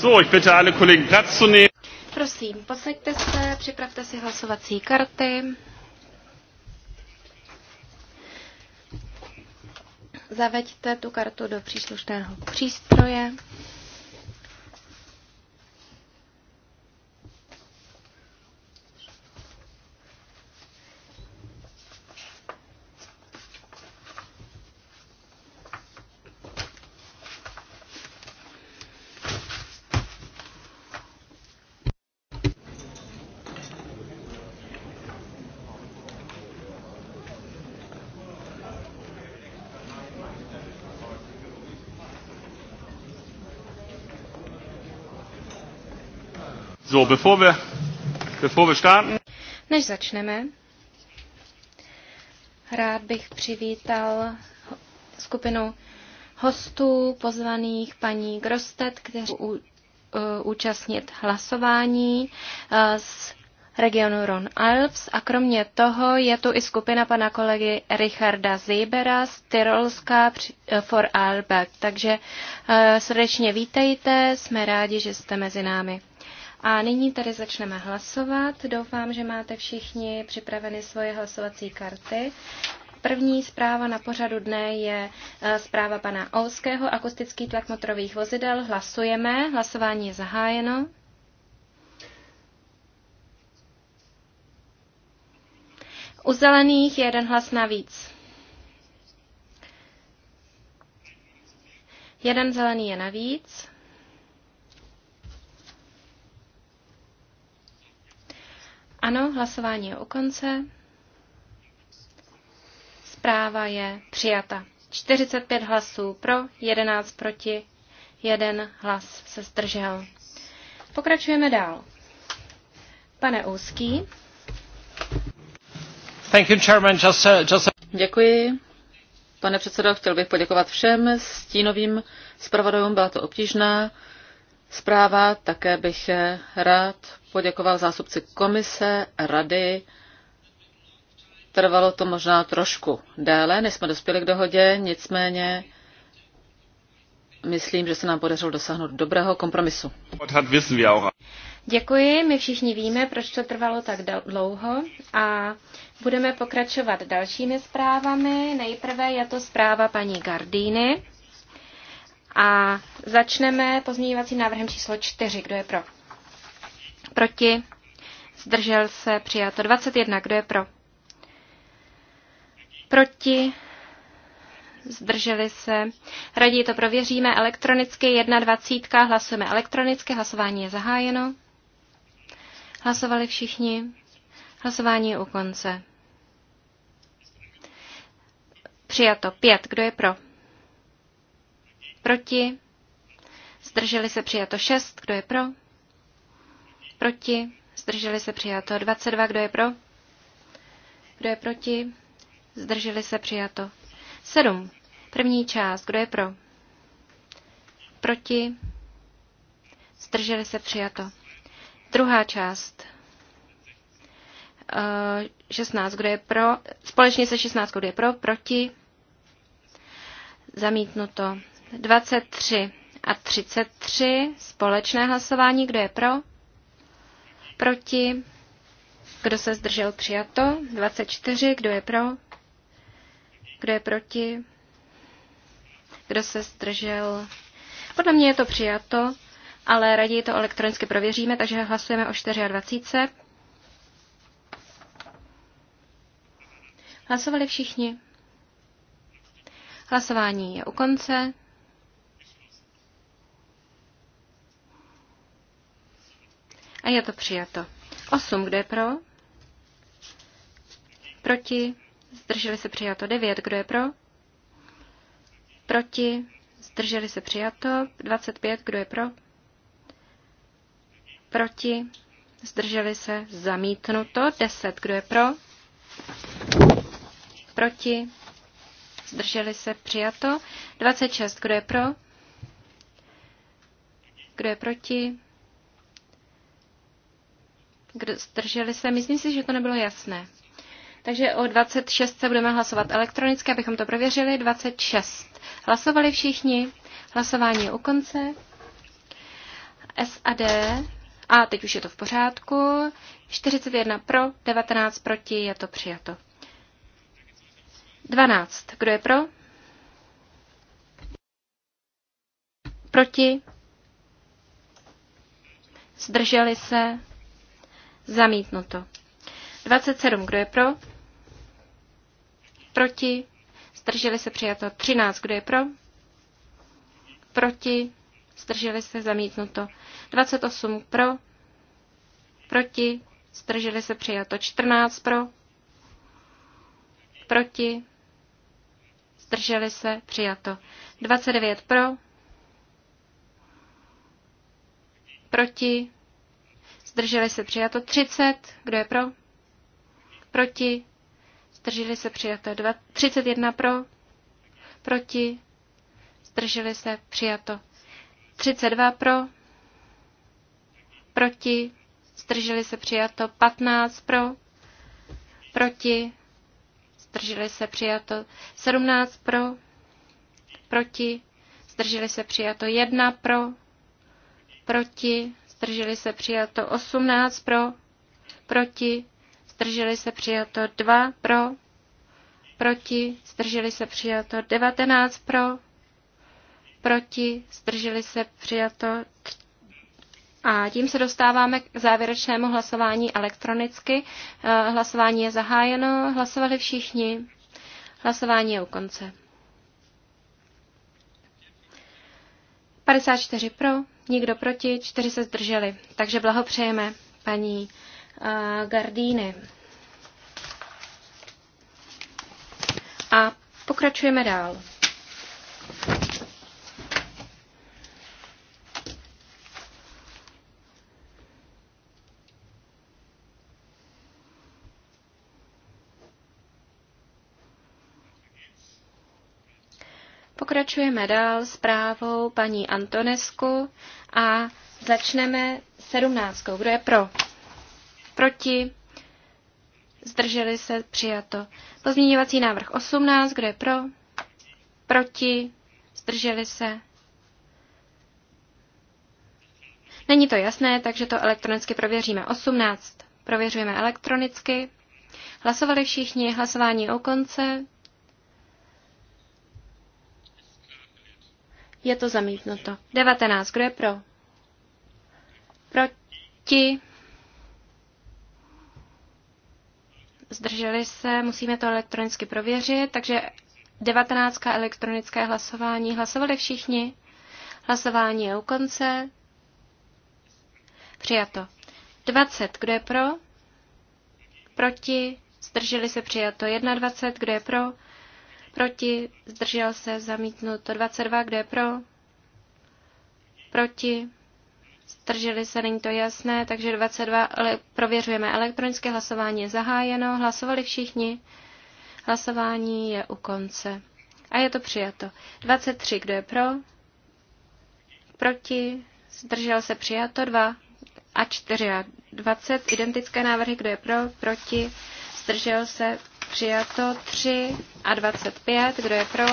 So, ich bitte alle Kollegen Platz zu nehmen. Prosím, posaďte se, připravte si hlasovací karty. Zaveďte tu kartu do příslušného přístroje. So, bevor wir, bevor wir starten. Než začneme, rád bych přivítal skupinu hostů pozvaných paní Grostet, kteří eh, účastnit hlasování eh, z regionu Ron Alps a kromě toho je tu i skupina pana kolegy Richarda Zebera z Tyrolska eh, for Albeck. Takže srdečně vítejte, jsme rádi, že jste mezi námi. A nyní tady začneme hlasovat. Doufám, že máte všichni připraveny svoje hlasovací karty. První zpráva na pořadu dne je eh, zpráva pana Olského, akustický tlak motorových vozidel. Hlasujeme, hlasování je zahájeno. U zelených je jeden hlas navíc. Jeden zelený je navíc. Ano, hlasování je u konce. Zpráva je přijata. 45 hlasů pro, 11 proti, 1 hlas se zdržel. Pokračujeme dál. Pane Úský. Thank you, Chairman. Just, uh, just... Děkuji. Pane předsedo, chtěl bych poděkovat všem stínovým zpravodajům. Byla to obtížná zpráva. Také bych rád poděkoval zástupci komise, rady. Trvalo to možná trošku déle, než jsme dospěli k dohodě, nicméně myslím, že se nám podařilo dosáhnout dobrého kompromisu. Děkuji, my všichni víme, proč to trvalo tak dlouho a budeme pokračovat dalšími zprávami. Nejprve je to zpráva paní Gardíny. A začneme pozměňovacím návrhem číslo 4. Kdo je pro? Proti? Zdržel se? Přijato 21. Kdo je pro? Proti? Zdrželi se? Raději to prověříme elektronicky. 21. Hlasujeme elektronicky. Hlasování je zahájeno. Hlasovali všichni. Hlasování je u konce. Přijato 5. Kdo je pro? Proti? Zdrželi se přijato 6. Kdo je pro? Proti? Zdrželi se přijato 22. Kdo je pro? Kdo je proti? Zdrželi se přijato 7. První část. Kdo je pro? Proti? Zdrželi se přijato. Druhá část. 16, eh, kdo je pro, společně se 16, kdo je pro, proti, zamítnuto. 23 a 33 společné hlasování. Kdo je pro? Proti? Kdo se zdržel přijato? 24. Kdo je pro? Kdo je proti? Kdo se zdržel? Podle mě je to přijato, ale raději to elektronicky prověříme, takže hlasujeme o 24. Hlasovali všichni. Hlasování je u konce. A je to přijato. 8, kdo je pro? Proti? Zdrželi se přijato. 9, kdo je pro? Proti? Zdrželi se přijato. 25, kdo je pro? Proti? Zdrželi se zamítnuto. 10, kdo je pro? Proti? Zdrželi se přijato. 26, kdo je pro? Kdo je proti? zdrželi se, myslím si, že to nebylo jasné. Takže o 26 se budeme hlasovat elektronicky, abychom to prověřili. 26. Hlasovali všichni. Hlasování je u konce. SAD. A teď už je to v pořádku. 41 pro, 19 proti, je to přijato. 12. Kdo je pro? Proti? Zdrželi se? Zamítnuto. 27. Kdo je pro? Proti? Zdrželi se přijato. 13. Kdo je pro? Proti? Zdrželi se zamítnuto. 28. Pro? Proti? Zdrželi se přijato. 14. Pro? Proti? Zdrželi se přijato. 29. Pro? Proti? zdrželi se přijato 30, kdo je pro, proti, zdrželi se přijato 31 pro, proti, zdrželi se přijato 32 pro, proti, zdrželi se přijato 15 pro, proti, zdrželi se přijato 17 pro, proti, zdrželi se přijato 1 pro, proti, zdrželi se přijato 18 pro, proti, zdrželi se přijato 2 pro, proti, zdrželi se přijato 19 pro, proti, zdrželi se přijato a tím se dostáváme k závěrečnému hlasování elektronicky. Eh, hlasování je zahájeno, hlasovali všichni. Hlasování je u konce. 54 pro, nikdo proti, čtyři se zdrželi. Takže blahopřejeme paní uh, eh, Gardíny. A pokračujeme dál. Pokračujeme dál právou paní Antonesku a začneme sedmnáctkou. Kdo je pro? Proti? Zdrželi se? Přijato. Pozměňovací návrh 18. Kdo je pro? Proti? Zdrželi se? Není to jasné, takže to elektronicky prověříme. 18. Prověřujeme elektronicky. Hlasovali všichni, hlasování o konce. Je to zamítnuto. 19. Kdo je pro? Proti? Zdrželi se, musíme to elektronicky prověřit, takže 19. elektronické hlasování. Hlasovali všichni? Hlasování je u konce. Přijato. 20. Kdo je pro? Proti? Zdrželi se přijato. 21. Kdo je pro? Proti? Zdržel se? Zamítnuto. 22. Kdo je pro? Proti? Zdrželi se, není to jasné, takže 22 ale prověřujeme. Elektronické hlasování je zahájeno, hlasovali všichni. Hlasování je u konce. A je to přijato. 23, kdo je pro? Proti? Zdržel se přijato 2 a 4 a 20. Identické návrhy, kdo je pro? Proti? Zdržel se Přijato 3 a 25. Kdo je pro?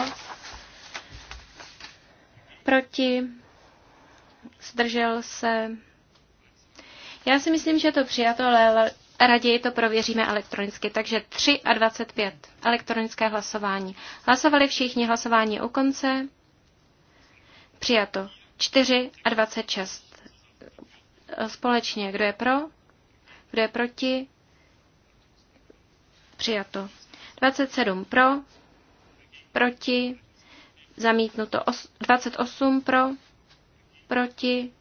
Proti? Zdržel se? Já si myslím, že je to přijato, ale raději to prověříme elektronicky. Takže 3 a 25. Elektronické hlasování. Hlasovali všichni hlasování u konce. Přijato 4 a 26. Společně. Kdo je pro? Kdo je proti? Přijato. 27 pro, proti, zamítnuto. 28 pro, proti,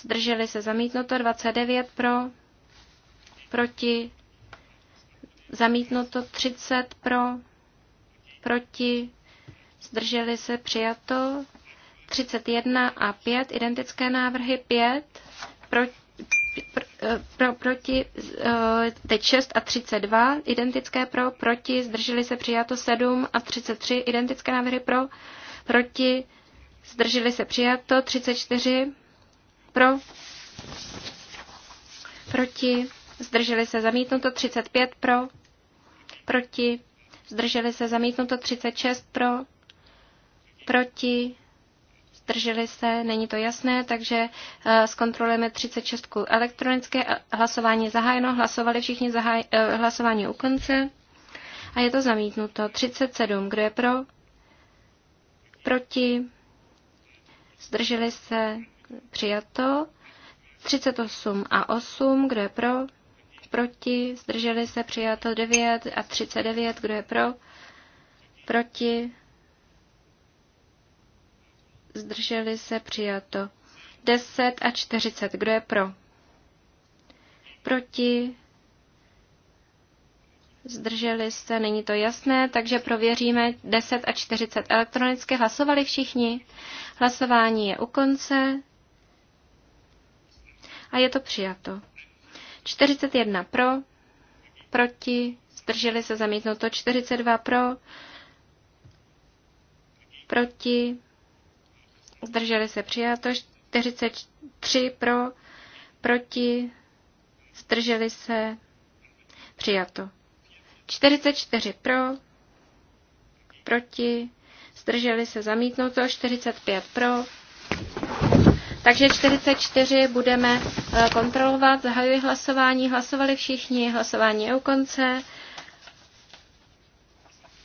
zdrželi se zamítnuto. 29 pro, proti, zamítnuto. 30 pro, proti, zdrželi se přijato. 31 a 5, identické návrhy 5, pro, pro, proti, eh, teď 6 a 32, identické pro, proti, zdrželi se přijato 7 a 33, identické návrhy pro, proti, zdrželi se přijato 34, pro, proti, zdrželi se zamítnuto 35 pro, proti, zdrželi se zamítnuto 36 pro, proti, zdrželi se, není to jasné, takže eh, zkontrolujeme 36 elektronické eh, hlasování zahájeno, hlasovali všichni zahaj, eh, hlasování u konce a je to zamítnuto. 37, kdo je pro, proti, zdrželi se, přijato. 38 a 8, kdo je pro, proti, zdrželi se, přijato 9 a 39, kdo je pro, proti, zdrželi se, přijato. 10 a 40, kdo je pro? Proti, zdrželi se, není to jasné, takže prověříme 10 a 40 elektronicky. Hlasovali všichni, hlasování je u konce a je to přijato. 41 pro, proti, zdrželi se zamítnuto 42 pro, proti, zdrželi se přijato, 43 pro, proti, zdrželi se přijato. 44 pro, proti, zdrželi se zamítnuto, 45 pro. Takže 44 budeme eh, kontrolovat. Zahajuji hlasování. Hlasovali všichni. Hlasování je u konce.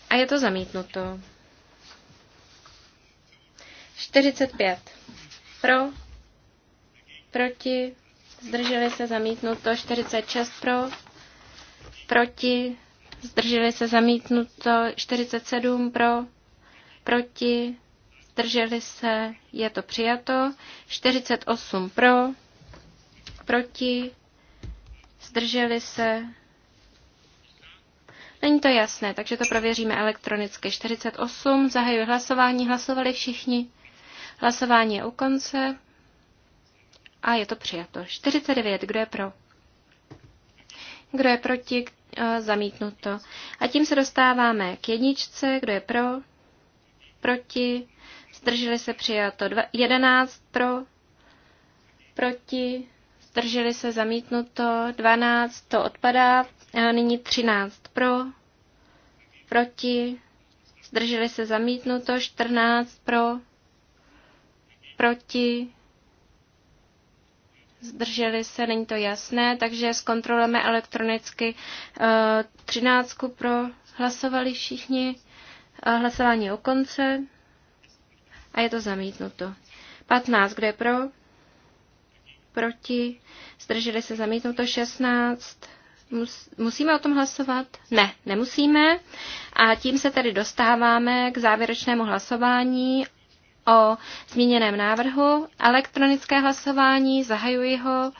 A je to zamítnuto. 45 pro, proti, zdrželi se zamítnuto 46 pro, proti, zdrželi se zamítnuto 47 pro, proti, zdrželi se, je to přijato, 48 pro, proti, zdrželi se, Není to jasné, takže to prověříme elektronicky. 48, zahajuji hlasování, hlasovali všichni. Hlasování je u konce a je to přijato. 49. Kdo je pro? Kdo je proti? Eh, zamítnuto. A tím se dostáváme k jedničce. Kdo je pro? Proti? Zdrželi se přijato. 11 pro? Proti? Zdrželi se zamítnuto. 12 to odpadá. A eh, nyní 13 pro? Proti? Zdrželi se zamítnuto. 14 pro? proti, zdrželi se, není to jasné, takže zkontrolujeme elektronicky eh, třináctku pro hlasovali všichni, eh, hlasování o konce a je to zamítnuto. 15, kdo je pro? Proti, zdrželi se zamítnuto 16, Musíme o tom hlasovat? Ne, nemusíme. A tím se tedy dostáváme k závěrečnému hlasování o zmíněném návrhu. Elektronické hlasování, zahajuji ho.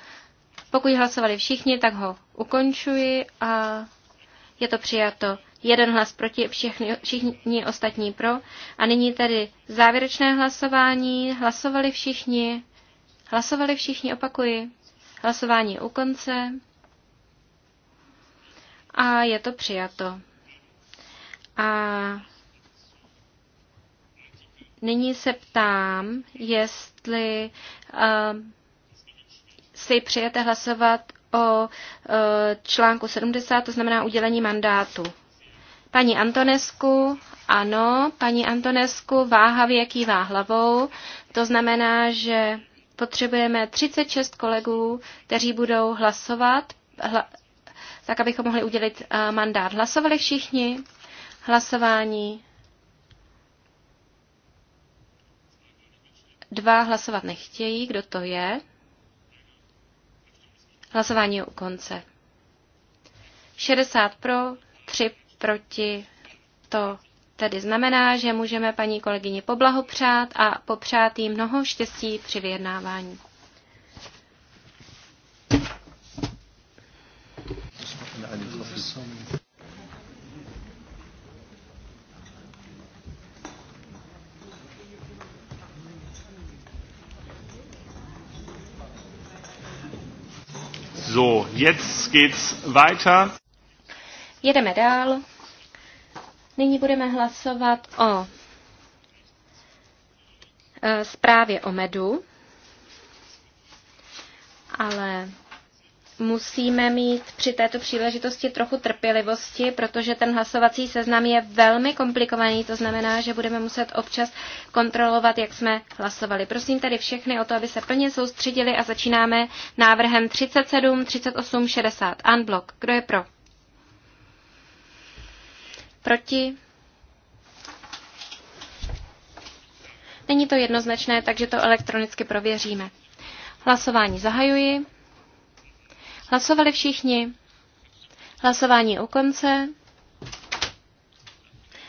Pokud hlasovali všichni, tak ho ukončuji a je to přijato. Jeden hlas proti, všichni, všichni ostatní pro. A nyní tedy závěrečné hlasování. Hlasovali všichni. Hlasovali všichni, opakuji. Hlasování u konce. A je to přijato. A nyní se ptám, jestli uh, si přijete hlasovat o uh, článku 70, to znamená udělení mandátu. Paní Antonesku, ano, paní Antonesku váhavě kývá hlavou, to znamená, že potřebujeme 36 kolegů, kteří budou hlasovat, hla, tak abychom mohli udělit uh, mandát. Hlasovali všichni, hlasování Dva hlasovat nechtějí. Kdo to je? Hlasování je u konce. 60 pro, 3 proti. To tedy znamená, že můžeme paní kolegyni poblahopřát a popřát jí mnoho štěstí při vyjednávání. So, jetzt geht's weiter. Jedeme dál. Nyní budeme hlasovat o e, zprávě o medu, ale musíme mít při této příležitosti trochu trpělivosti, protože ten hlasovací seznam je velmi komplikovaný, to znamená, že budeme muset občas kontrolovat, jak jsme hlasovali. Prosím tady všechny o to, aby se plně soustředili a začínáme návrhem 37, 38, 60. Unblock. Kdo je pro? Proti? Není to jednoznačné, takže to elektronicky prověříme. Hlasování zahajuji. Hlasovali všichni. Hlasování u konce.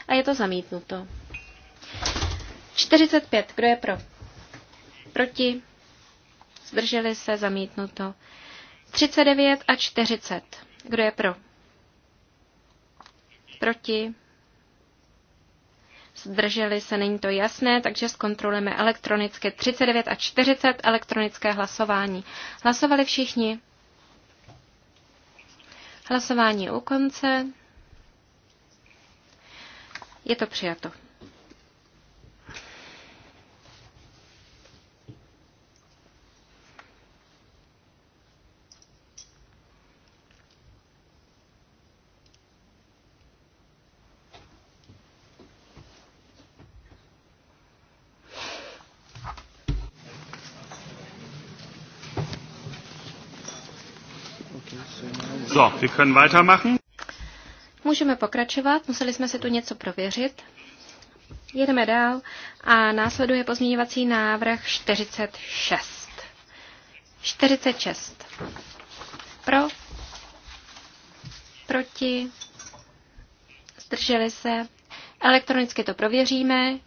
A je to zamítnuto. 45. Kdo je pro? Proti? Zdrželi se zamítnuto. 39 a 40. Kdo je pro? Proti? Zdrželi se, není to jasné, takže zkontrolujeme elektronicky 39 a 40 elektronické hlasování. Hlasovali všichni? Hlasování u konce. Je to přijato. Wir können weitermachen. Můžeme pokračovat, museli jsme si tu něco prověřit. Jedeme dál a následuje pozměňovací návrh 46. 46. Pro, proti, zdrželi se. Elektronicky to prověříme.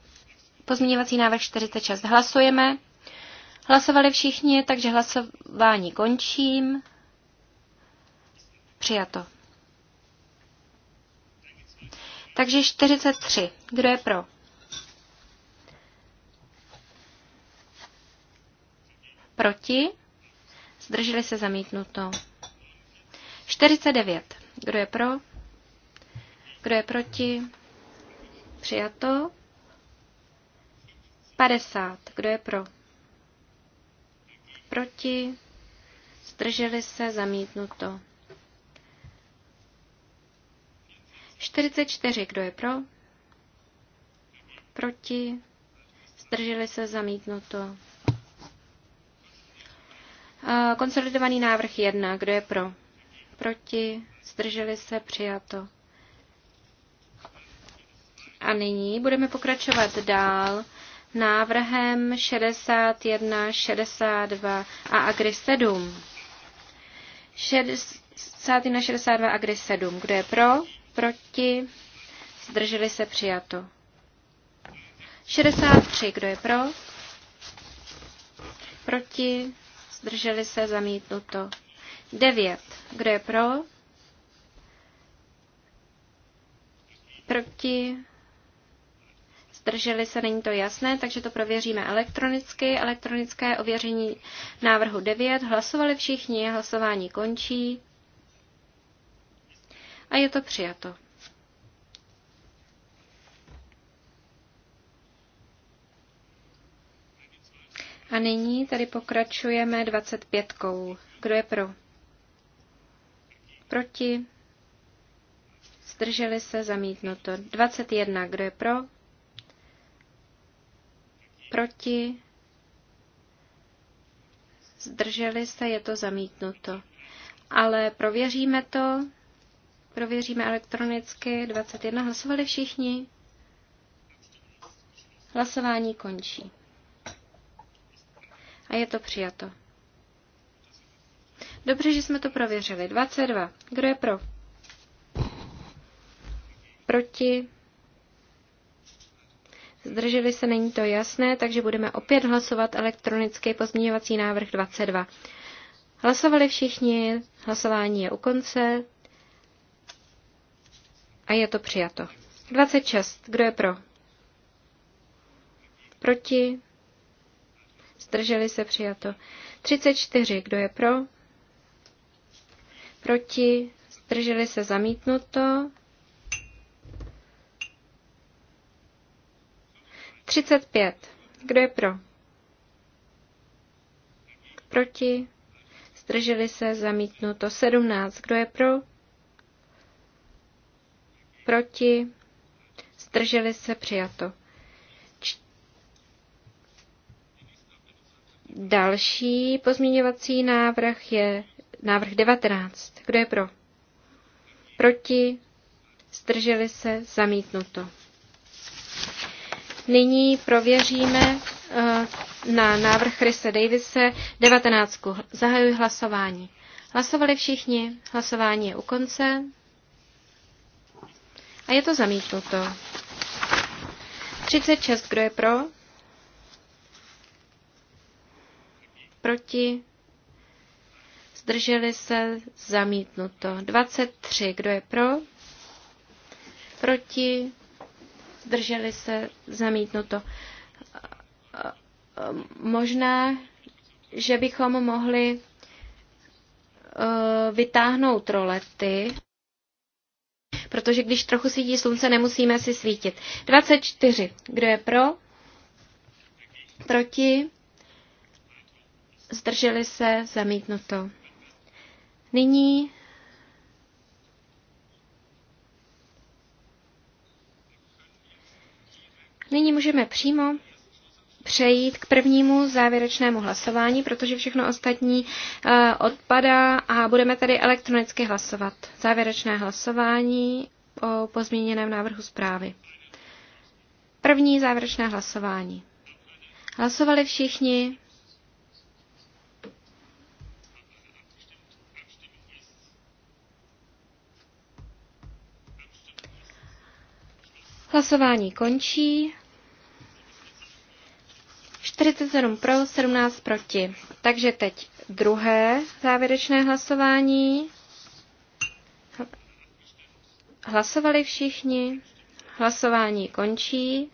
Pozměňovací návrh 46 hlasujeme. Hlasovali všichni, takže hlasování končím. Přijato. Takže 43. Kdo je pro? Proti? Zdrželi se zamítnuto. 49. Kdo je pro? Kdo je proti? Přijato. 50. Kdo je pro? Proti? Zdrželi se zamítnuto. 44. Kdo je pro? Proti? Zdrželi se zamítnuto. Eh, konsolidovaný návrh 1. Kdo je pro? Proti? Zdrželi se přijato. A nyní budeme pokračovat dál návrhem 61, 62 a Agri 7. 61, 62 Agri 7. Kdo je pro? Proti? Zdrželi se přijato. 63. Kdo je pro? Proti? Zdrželi se zamítnuto. 9. Kdo je pro? Proti? Zdrželi se, není to jasné, takže to prověříme elektronicky. Elektronické ověření návrhu 9. Hlasovali všichni, hlasování končí a je to přijato. A nyní tady pokračujeme 25. Kdo je pro? Proti? Zdrželi se zamítnuto. 21. Kdo je pro? Proti? Zdrželi se, je to zamítnuto. Ale prověříme to. Prověříme elektronicky 21. Hlasovali všichni? Hlasování končí. A je to přijato. Dobře, že jsme to prověřili. 22. Kdo je pro? Proti? Zdrželi se, není to jasné, takže budeme opět hlasovat elektronický pozměňovací návrh 22. Hlasovali všichni, hlasování je u konce a je to přijato. 26. Kdo je pro? Proti? Zdrželi se přijato. 34. Kdo je pro? Proti? Zdrželi se zamítnuto. 35. Kdo je pro? Proti? Zdrželi se zamítnuto. 17. Kdo je pro? proti, zdrželi se přijato. Další pozměňovací návrh je návrh 19. Kdo je pro? Proti? Zdrželi se? Zamítnuto. Nyní prověříme eh, na návrh Chrise Davise 19. Zahajuji hlasování. Hlasovali všichni, hlasování je u konce. A je to zamítnuto. 36, kdo je pro? Proti? Zdrželi se? Zamítnuto. 23, kdo je pro? Proti? Zdrželi se? Zamítnuto. Možná, že bychom mohli eh, vytáhnout rolety protože když trochu svítí slunce, nemusíme si svítit. 24. Kdo je pro? Proti? Zdrželi se? Zamítnuto. Nyní Nyní můžeme přímo přejít k prvnímu závěrečnému hlasování, protože všechno ostatní eh, odpadá a budeme tady elektronicky hlasovat. Závěrečné hlasování o pozměněném návrhu zprávy. První závěrečné hlasování. Hlasovali všichni. Hlasování končí. 47 pro, 17 proti. Takže teď druhé závěrečné hlasování. Hlasovali všichni. Hlasování končí.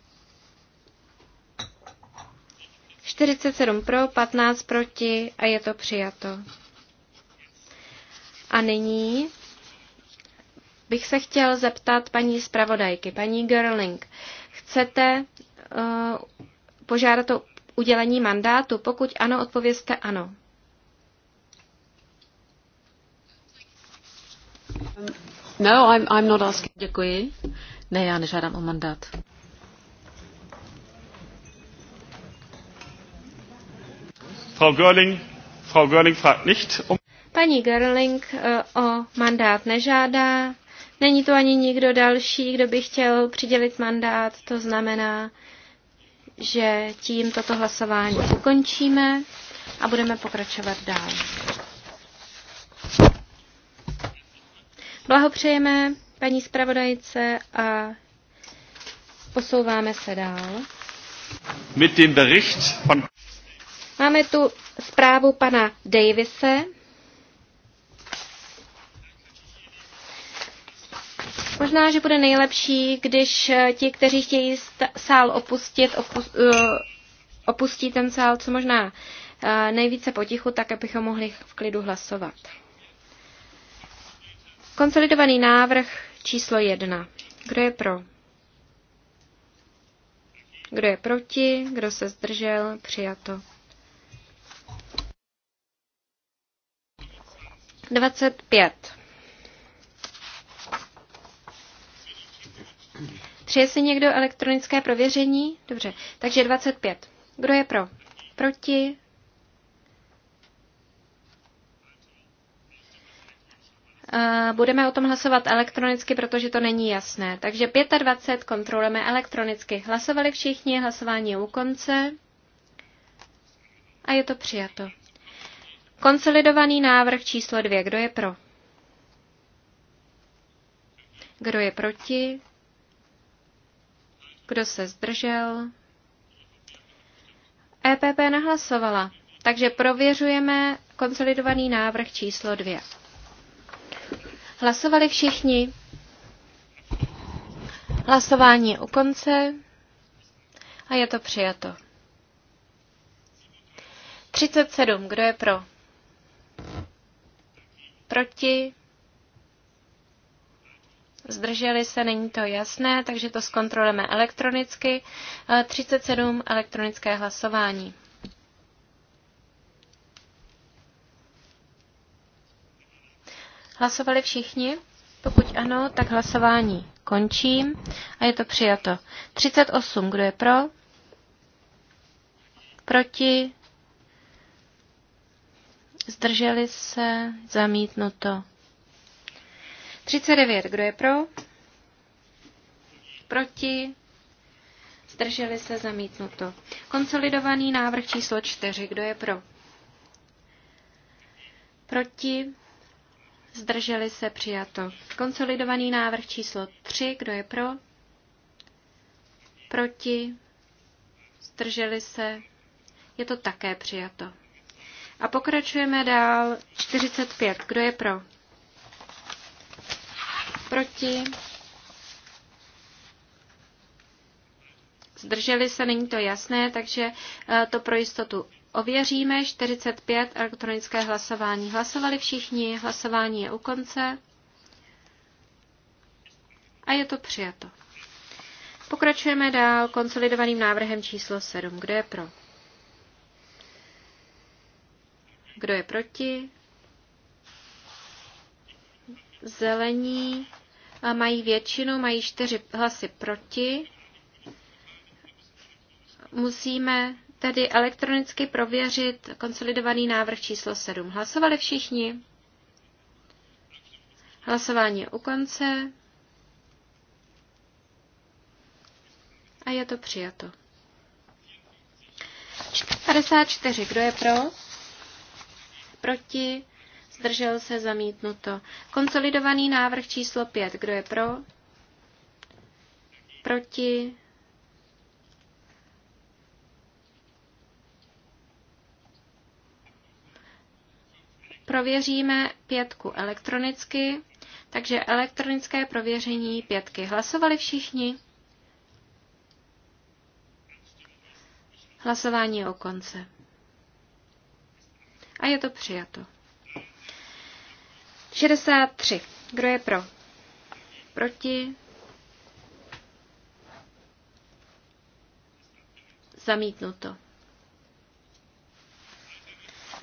47 pro, 15 proti a je to přijato. A nyní bych se chtěl zeptat paní zpravodajky, paní Gerling. Chcete uh, požádat o udělení mandátu? Pokud ano, odpovězte ano. No, I'm, I'm not asking. Děkuji. Ne, já nežádám o mandát. Frau Görling, Frau Görling fragt nicht um Paní Görling eh, o mandát nežádá, není to ani nikdo další, kdo by chtěl přidělit mandát, to znamená, že tím toto hlasování ukončíme a budeme pokračovat dál. Blahopřejeme paní zpravodajce a posouváme se dál. Mit dem Bericht von... Máme tu zprávu pana Davise. Možná, že bude nejlepší, když eh, ti, kteří chtějí sál opustit, eh, opustí ten sál co možná eh, nejvíce potichu, tak abychom mohli v klidu hlasovat. Konsolidovaný návrh číslo jedna. Kdo je pro? Kdo je proti? Kdo se zdržel? Přijato. 25. Přeje si někdo elektronické prověření? Dobře, takže 25. Kdo je pro? Proti? Eh, budeme o tom hlasovat elektronicky, protože to není jasné. Takže 25 kontrolujeme elektronicky. Hlasovali všichni, hlasování je u konce a je to přijato. Konsolidovaný návrh číslo 2. Kdo je pro? Kdo je proti? Kdo se zdržel? EPP nahlasovala. Takže prověřujeme konsolidovaný návrh číslo 2. Hlasovali všichni. Hlasování je u konce a je to přijato. 37. Kdo je pro? Proti? zdrželi se, není to jasné, takže to zkontrolujeme elektronicky. 37 eh, elektronické hlasování. Hlasovali všichni? Pokud ano, tak hlasování končím a je to přijato. 38, kdo je pro? Proti? Zdrželi se? Zamítnuto. 39. Kdo je pro? Proti? Zdrželi se zamítnuto. Konsolidovaný návrh číslo 4. Kdo je pro? Proti? Zdrželi se přijato. Konsolidovaný návrh číslo 3. Kdo je pro? Proti? Zdrželi se? Je to také přijato. A pokračujeme dál. 45. Kdo je pro? Proti? Zdrželi se, není to jasné, takže eh, to pro jistotu ověříme. 45 elektronické hlasování. Hlasovali všichni, hlasování je u konce a je to přijato. Pokračujeme dál konsolidovaným návrhem číslo 7. Kdo je pro? Kdo je proti? Zelení mají většinu, mají čtyři hlasy proti. Musíme tedy elektronicky prověřit konsolidovaný návrh číslo 7. Hlasovali všichni? Hlasování je u konce. A je to přijato. 54. Kdo je pro? Proti? zdržel se, zamítnuto. Konsolidovaný návrh číslo 5, kdo je pro, proti, prověříme pětku elektronicky, takže elektronické prověření pětky. Hlasovali všichni? Hlasování je o konce. A je to přijato. 63. Kdo je pro? Proti? Zamítnuto.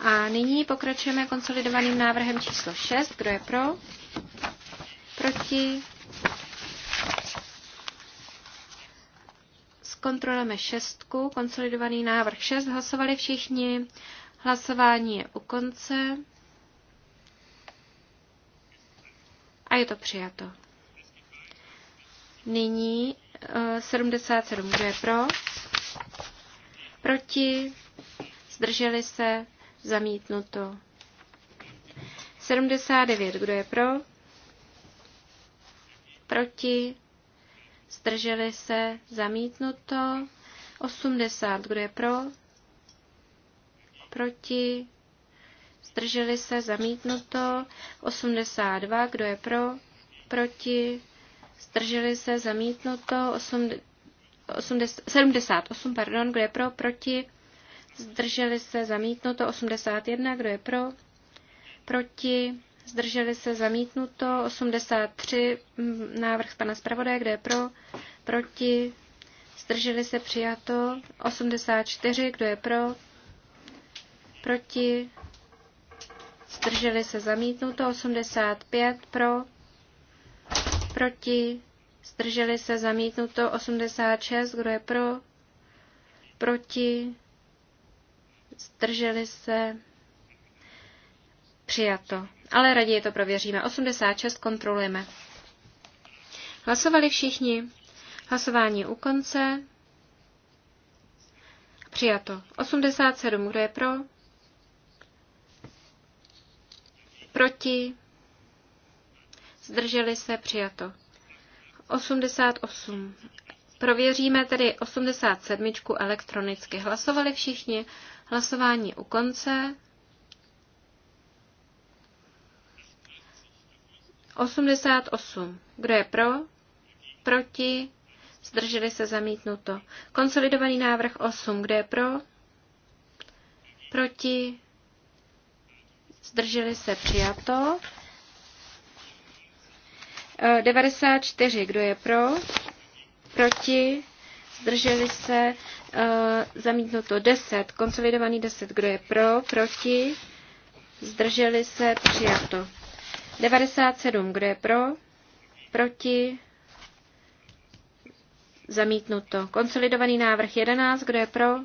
A nyní pokračujeme konsolidovaným návrhem číslo 6. Kdo je pro? Proti? Zkontrolujeme šestku. Konsolidovaný návrh 6. Hlasovali všichni. Hlasování je u konce. je to přijato. Nyní 77, eh, kdo je pro? Proti? Zdrželi se? Zamítnuto. 79, kdo je pro? Proti? Zdrželi se? Zamítnuto. 80, kdo je pro? Proti? zdrželi se, zamítnuto. 82, kdo je pro, proti, zdrželi se, zamítnuto. 8, 80, 78, pardon, kdo je pro, proti, zdrželi se, zamítnuto. 81, kdo je pro, proti, zdrželi se, zamítnuto. 83, mm, návrh pana zpravodaje, kdo je pro, proti, zdrželi se, přijato. 84, kdo je pro, proti, zdrželi se zamítnuto, 85 pro, proti, zdrželi se zamítnuto, 86, kdo je pro, proti, zdrželi se, přijato. Ale raději to prověříme. 86 kontrolujeme. Hlasovali všichni. Hlasování u konce. Přijato. 87, kdo je pro? Proti? Zdrželi se přijato. 88. Prověříme tedy 87 elektronicky. Hlasovali všichni. Hlasování u konce. 88. Kdo je pro? Proti? Zdrželi se zamítnuto. Konsolidovaný návrh 8. Kdo je pro? Proti? zdrželi se přijato. 94, eh, kdo je pro, proti, zdrželi se, eh, zamítnuto 10, konsolidovaný 10, kdo je pro, proti, zdrželi se, přijato. 97, kdo je pro, proti, zamítnuto. Konsolidovaný návrh 11, kdo je pro,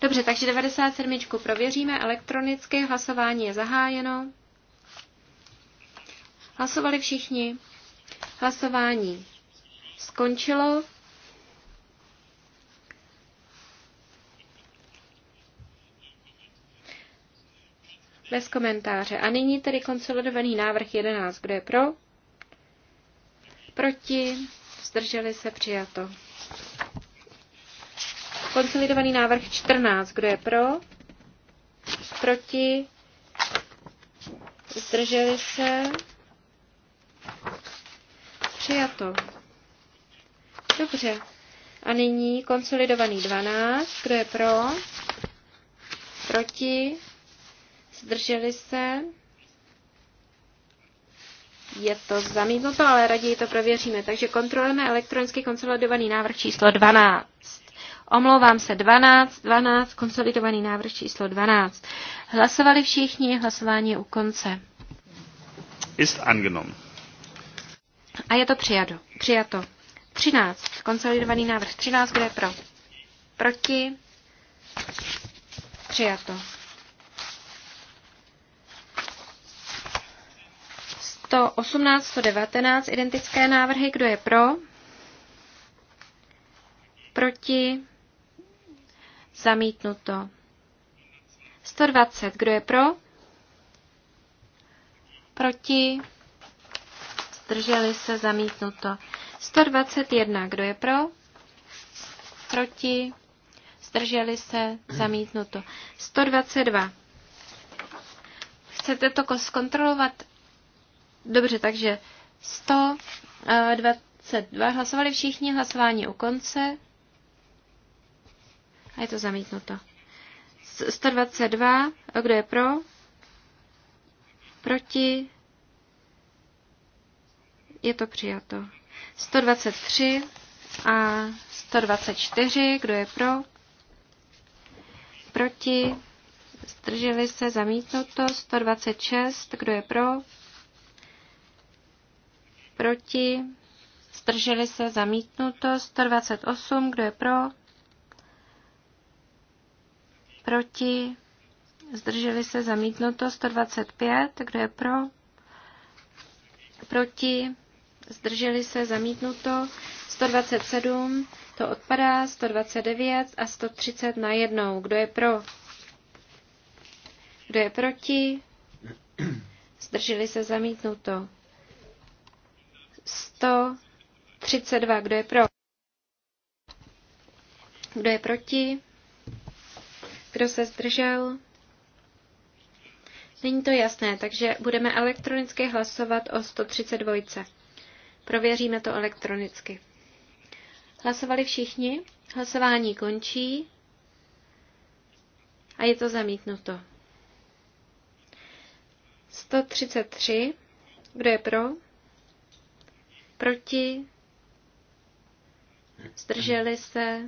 Dobře, takže 97. prověříme. Elektronické hlasování je zahájeno. Hlasovali všichni. Hlasování skončilo. Bez komentáře. A nyní tedy konsolidovaný návrh 11. Kdo je pro? Proti? Zdrželi se přijato. Konsolidovaný návrh 14. Kdo je pro? Proti? Zdrželi se? Přijato. Dobře. A nyní konsolidovaný 12. Kdo je pro? Proti? Zdrželi se? Je to zamítnuto, ale raději to prověříme. Takže kontrolujeme elektronicky konsolidovaný návrh číslo 12. Omlouvám se, 12, 12, konsolidovaný návrh číslo 12. Hlasovali všichni, hlasování je u konce. Ist angenommen. A je to přijato. Přijato. 13. Konsolidovaný návrh 13. kde je pro? Proti? Přijato. 118, 119. Identické návrhy. Kdo je pro? Proti? Zamítnuto. 120. Kdo je pro? Proti? Zdrželi se? Zamítnuto. 121. Kdo je pro? Proti? Zdrželi se? Zamítnuto. 122. Chcete to zkontrolovat? Dobře, takže 122. Hlasovali všichni, hlasování u konce. A je to zamítnuto. 122. Kdo je pro? Proti? Je to přijato. 123 a 124. Kdo je pro? Proti? Zdrželi se zamítnuto. 126. Kdo je pro? Proti? Zdrželi se zamítnuto. 128. Kdo je pro? proti, zdrželi se zamítnuto 125, kdo je pro, proti, zdrželi se zamítnuto 127, to odpadá 129 a 130 na jednou, kdo je pro, kdo je proti, zdrželi se zamítnuto 132, kdo je pro, kdo je proti, kdo se zdržel? Není to jasné, takže budeme elektronicky hlasovat o 132. Prověříme to elektronicky. Hlasovali všichni? Hlasování končí a je to zamítnuto. 133. Kdo je pro? Proti? Zdrželi se?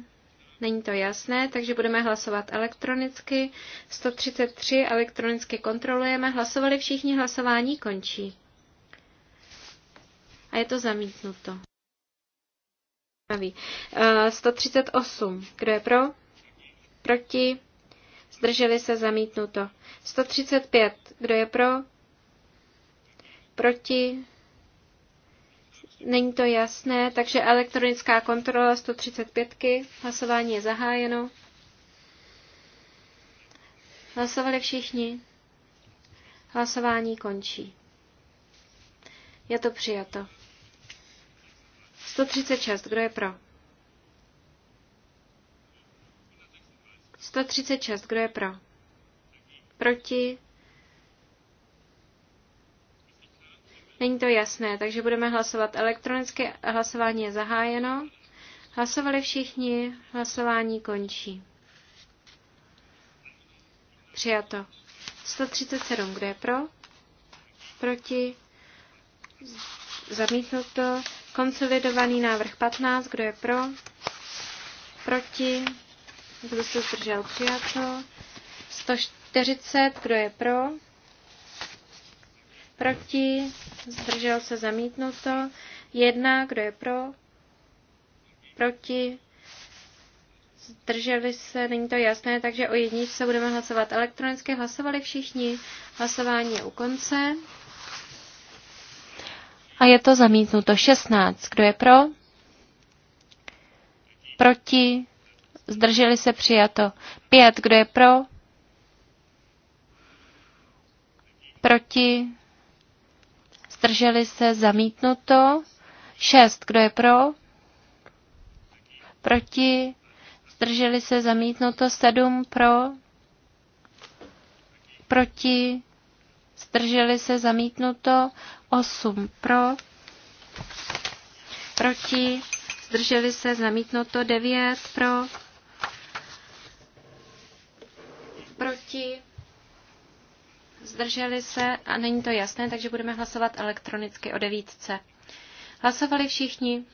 Není to jasné, takže budeme hlasovat elektronicky. 133 elektronicky kontrolujeme. Hlasovali všichni, hlasování končí. A je to zamítnuto. 138. Eh, Kdo je pro? Proti? Zdrželi se zamítnuto. 135. Kdo je pro? Proti? Není to jasné, takže elektronická kontrola 135. Hlasování je zahájeno. Hlasovali všichni. Hlasování končí. Je to přijato. 136. Kdo je pro? 136. Kdo je pro? Proti? Není to jasné, takže budeme hlasovat elektronicky. Hlasování je zahájeno. Hlasovali všichni, hlasování končí. Přijato. 137, kdo je pro? Proti? Zamítnuto. Konsolidovaný návrh 15, kdo je pro? Proti? Kdo se zdržel? Přijato. 140, kdo je pro? Proti? zdržel se zamítnuto. Jedna, kdo je pro, proti, zdrželi se, není to jasné, takže o jedničce budeme hlasovat elektronicky. Hlasovali všichni, hlasování je u konce. A je to zamítnuto 16. Kdo je pro? Proti? Zdrželi se přijato 5. Kdo je pro? Proti? zdrželi se, zamítnuto. šest kdo je pro, proti, zdrželi se, zamítnuto. sedm pro, proti, zdrželi se, zamítnuto. osm pro, proti, zdrželi se, zamítnuto. devět pro, proti, zdrželi se a není to jasné, takže budeme hlasovat elektronicky o devítce. Hlasovali všichni?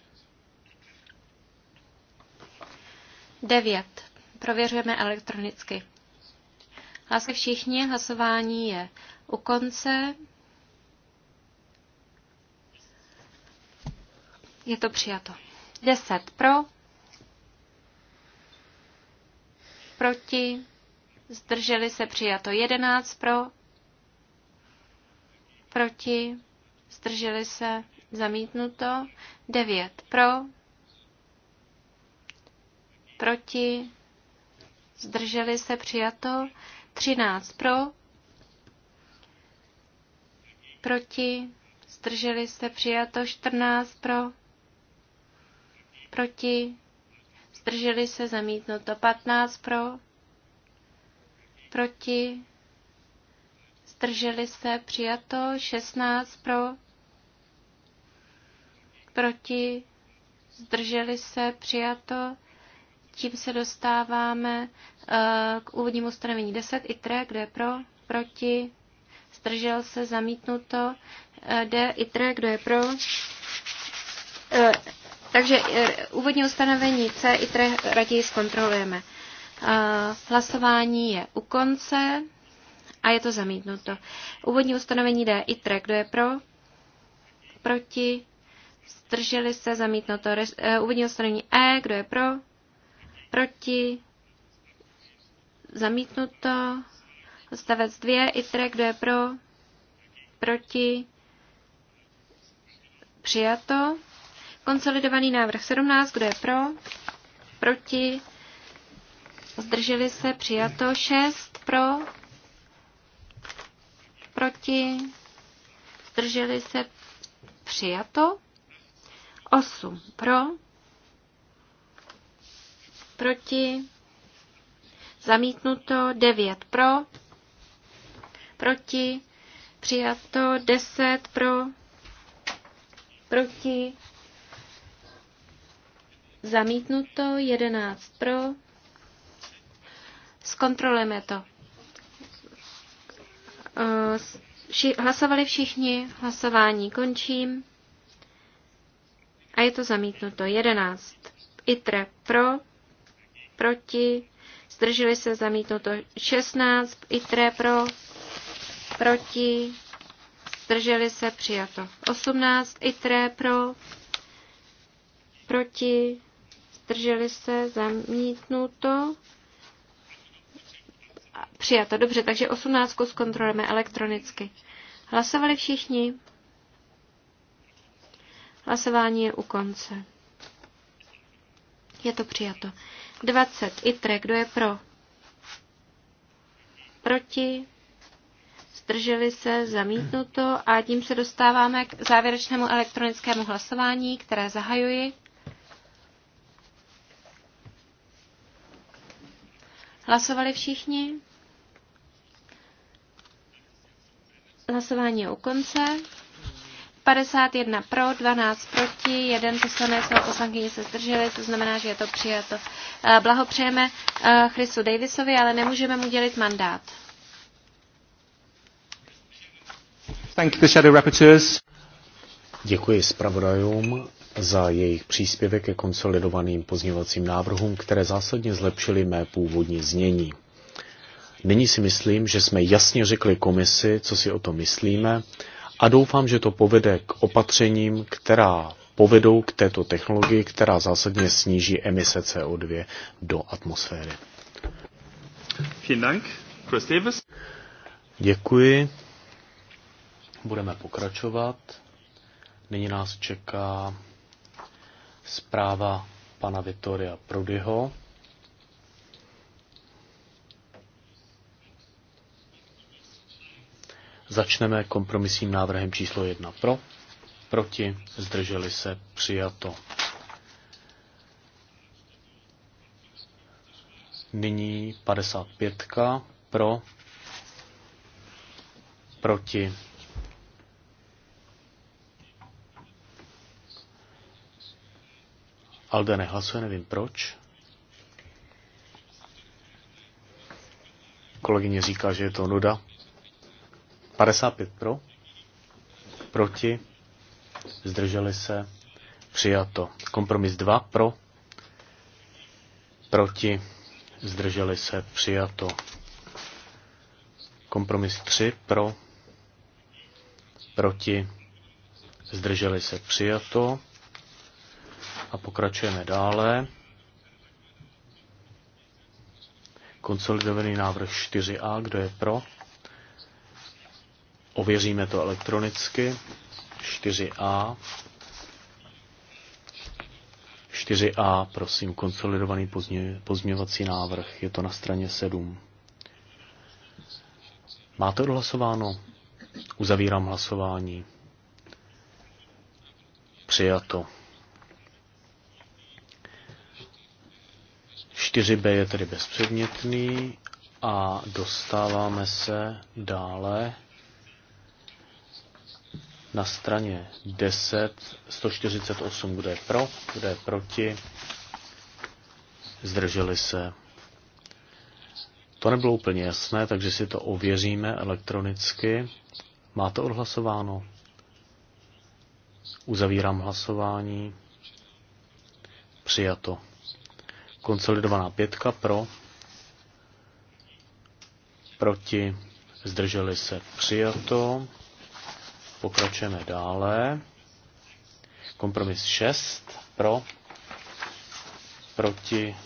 Devět. Prověřujeme elektronicky. Hlasovali všichni, hlasování je u konce. Je to přijato. 10 pro, proti, zdrželi se přijato 11 pro, proti, zdrželi se, zamítnuto, 9 pro, proti, zdrželi se, přijato, 13 pro, proti, zdrželi se, přijato, 14 pro, proti, zdrželi se, zamítnuto, 15 pro, proti, zdrželi se, přijato, 16 pro, proti, zdrželi se, přijato, tím se dostáváme eh, k úvodnímu stanovení 10, tre, kde je pro, proti, zdržel se, zamítnuto, eh, D, tre, kdo je pro, eh, takže úvodní ustanovení C, tre raději zkontrolujeme. Hlasování je u konce a je to zamítnuto. Úvodní ustanovení D. ITRE. Kdo je pro? Proti? Zdrželi se? Zamítnuto. Eh, úvodní ustanovení E. Kdo je pro? Proti? Zamítnuto. Odstavec 2. ITRE. Kdo je pro? Proti? Přijato. Konsolidovaný návrh 17. Kdo je pro? Proti? Zdrželi se? Přijato. 6. Pro? proti, zdrželi se, přijato. 8 pro, proti, zamítnuto, 9 pro, proti, přijato, 10 pro, proti, zamítnuto, 11 pro, zkontrolujeme to. Eh, hlasovali všichni, hlasování končím. A je to zamítnuto. 11. ITRE pro, proti, zdrželi se zamítnuto. 16. ITRE pro, proti, zdrželi se přijato. 18. ITRE pro, proti, zdrželi se zamítnuto. Přijato, dobře, takže 18 zkontrolujeme elektronicky. Hlasovali všichni? Hlasování je u konce. Je to přijato. 20. ITRE, kdo je pro? Proti? Zdrželi se? Zamítnuto? A tím se dostáváme k závěrečnému elektronickému hlasování, které zahajuji. Hlasovali všichni? Hlasování je u konce. 51 pro, 12 proti, jeden poslanec nebo poslankyně se zdrželi, to znamená, že je to přijato. Eh, blahopřejeme eh, Chrisu Davisovi, ale nemůžeme mu dělit mandát. Thank you, the shadow rapporteurs. Děkuji zpravodajům za jejich příspěvek ke konsolidovaným pozměňovacím návrhům, které zásadně zlepšily mé původní znění. Nyní si myslím, že jsme jasně řekli komisi, co si o to myslíme a doufám, že to povede k opatřením, která povedou k této technologii, která zásadně sníží emise CO2 do atmosféry. Děkuji. Budeme pokračovat. Nyní nás čeká zpráva pana Vittoria Prudyho. Začneme kompromisním návrhem číslo 1 pro, proti, zdrželi se, přijato. Nyní 55 pro, proti, Alde nehlasuje, nevím proč. Kolegyně říká, že je to nuda, 55 pro, proti, zdrželi se, přijato. Kompromis 2 pro, proti, zdrželi se, přijato. Kompromis 3 pro, proti, zdrželi se, přijato. A pokračujeme dále. Konsolidovaný návrh 4a, kdo je pro? Ověříme to elektronicky. 4A. 4A, prosím, konsolidovaný pozměvací návrh. Je to na straně 7. Máte odhlasováno? Uzavírám hlasování. Přijato. 4b je tedy bezpředmětný a dostáváme se dále na straně 10, 148, kdo je pro, kdo je proti, zdrželi se. To nebylo úplně jasné, takže si to ověříme elektronicky. Máte odhlasováno? Uzavírám hlasování. Přijato. Konsolidovaná pětka pro, proti, zdrželi se přijato. Pokračujeme dále. Kompromis 6 pro, proti,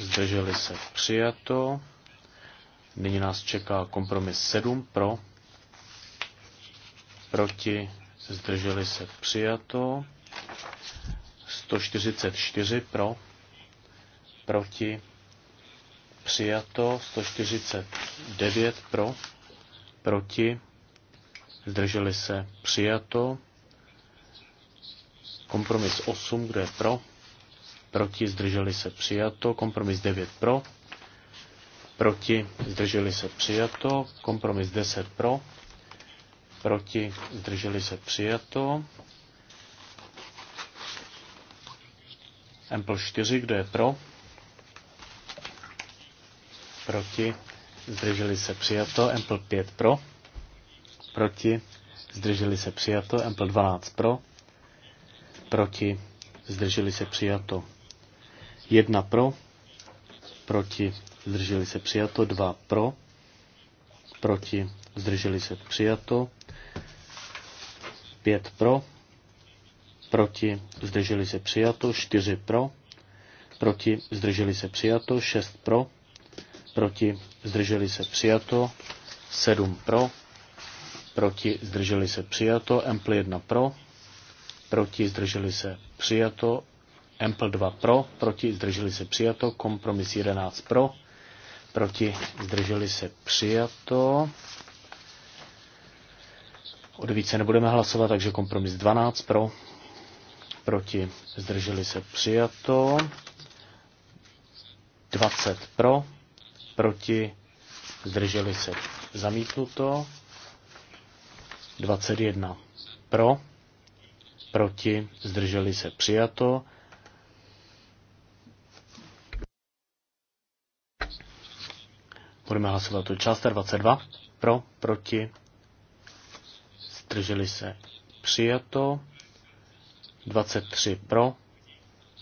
zdrželi se přijato. Nyní nás čeká kompromis 7 pro, proti, zdrželi se přijato. 144 pro, proti, přijato. 149 pro, proti, zdrželi se, přijato. Kompromis 8, kdo je pro, proti, zdrželi se, přijato. Kompromis 9 pro, proti, zdrželi se, přijato. Kompromis 10 pro, proti, zdrželi se, přijato. Ample 4, kdo je pro? Proti. Zdrželi se přijato. Ample 5 pro proti, zdrželi se přijato, Ample 12 pro, proti, zdrželi se přijato. 1 pro, proti, zdrželi se přijato, 2 pro, proti, zdrželi se přijato, 5 pro, proti, zdrželi se přijato, 4 pro, proti, zdrželi se přijato, 6 pro, proti, zdrželi se přijato, 7 pro, proti, zdrželi se přijato, ampl 1 pro, proti, zdrželi se přijato, ampl 2 pro, proti, zdrželi se přijato, kompromis 11 pro, proti, zdrželi se přijato. od více nebudeme hlasovat, takže kompromis 12 pro, proti, zdrželi se přijato. 20 pro, proti, zdrželi se zamítnuto. 21 pro, proti, zdrželi se přijato. Budeme hlasovat o část 22 pro, proti, zdrželi se přijato. 23 pro,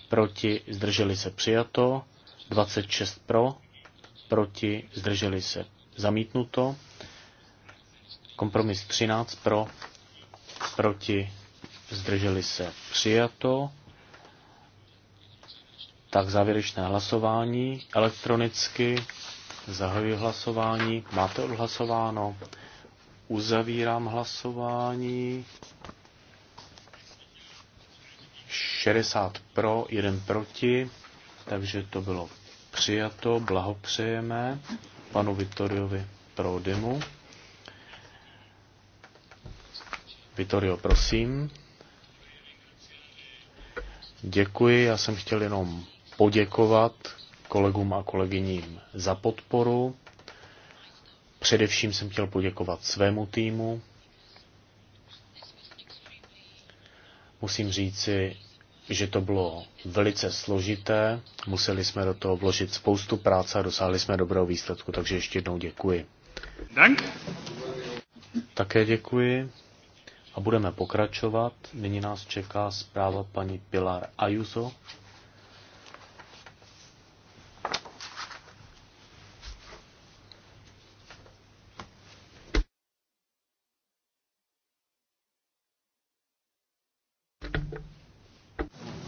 proti, zdrželi se přijato. 26 pro, proti, zdrželi se zamítnuto. Kompromis 13 pro, proti, zdrželi se přijato. Tak závěrečné hlasování elektronicky. Zahajuji hlasování. Máte odhlasováno? Uzavírám hlasování. 60 pro, 1 proti, takže to bylo přijato. Blahopřejeme panu pro demo. Vittorio, prosím. Děkuji, já jsem chtěl jenom poděkovat kolegům a kolegyním za podporu. Především jsem chtěl poděkovat svému týmu. Musím říci, že to bylo velice složité, museli jsme do toho vložit spoustu práce a dosáhli jsme dobrého výsledku, takže ještě jednou děkuji. Dank. Také děkuji a budeme pokračovat. Nyní nás čeká zpráva paní Pilar Ayuso.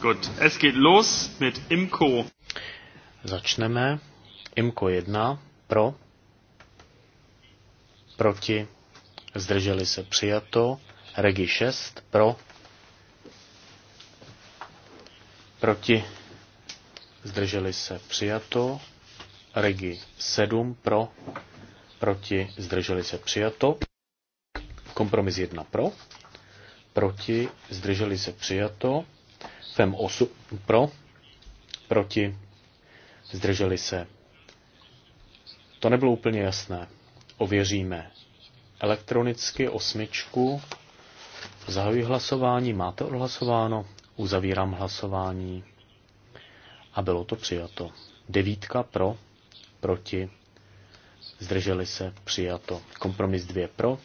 Gut, es geht los mit Imco. Začneme. Imko 1 pro, proti, zdrželi se přijato. Regi 6 pro, proti, zdrželi se přijato, Regi 7 pro, proti, zdrželi se přijato, kompromis 1 pro, proti, zdrželi se přijato, FEM 8 pro, proti, zdrželi se. To nebylo úplně jasné. Ověříme elektronicky osmičku Zahajuji hlasování, máte odhlasováno, uzavírám hlasování a bylo to přijato. Devítka pro, proti, zdrželi se, přijato. Kompromis dvě pro,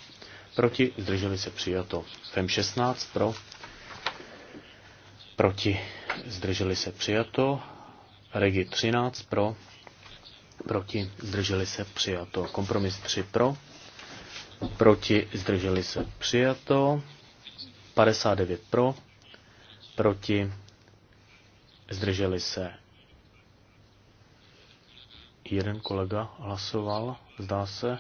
proti, zdrželi se, přijato. FEM 16 pro, proti, zdrželi se, přijato. Regi 13 pro, proti, zdrželi se, přijato. Kompromis 3 pro, proti, zdrželi se, přijato. 59 pro, proti, zdrželi se. Jeden kolega hlasoval, zdá se.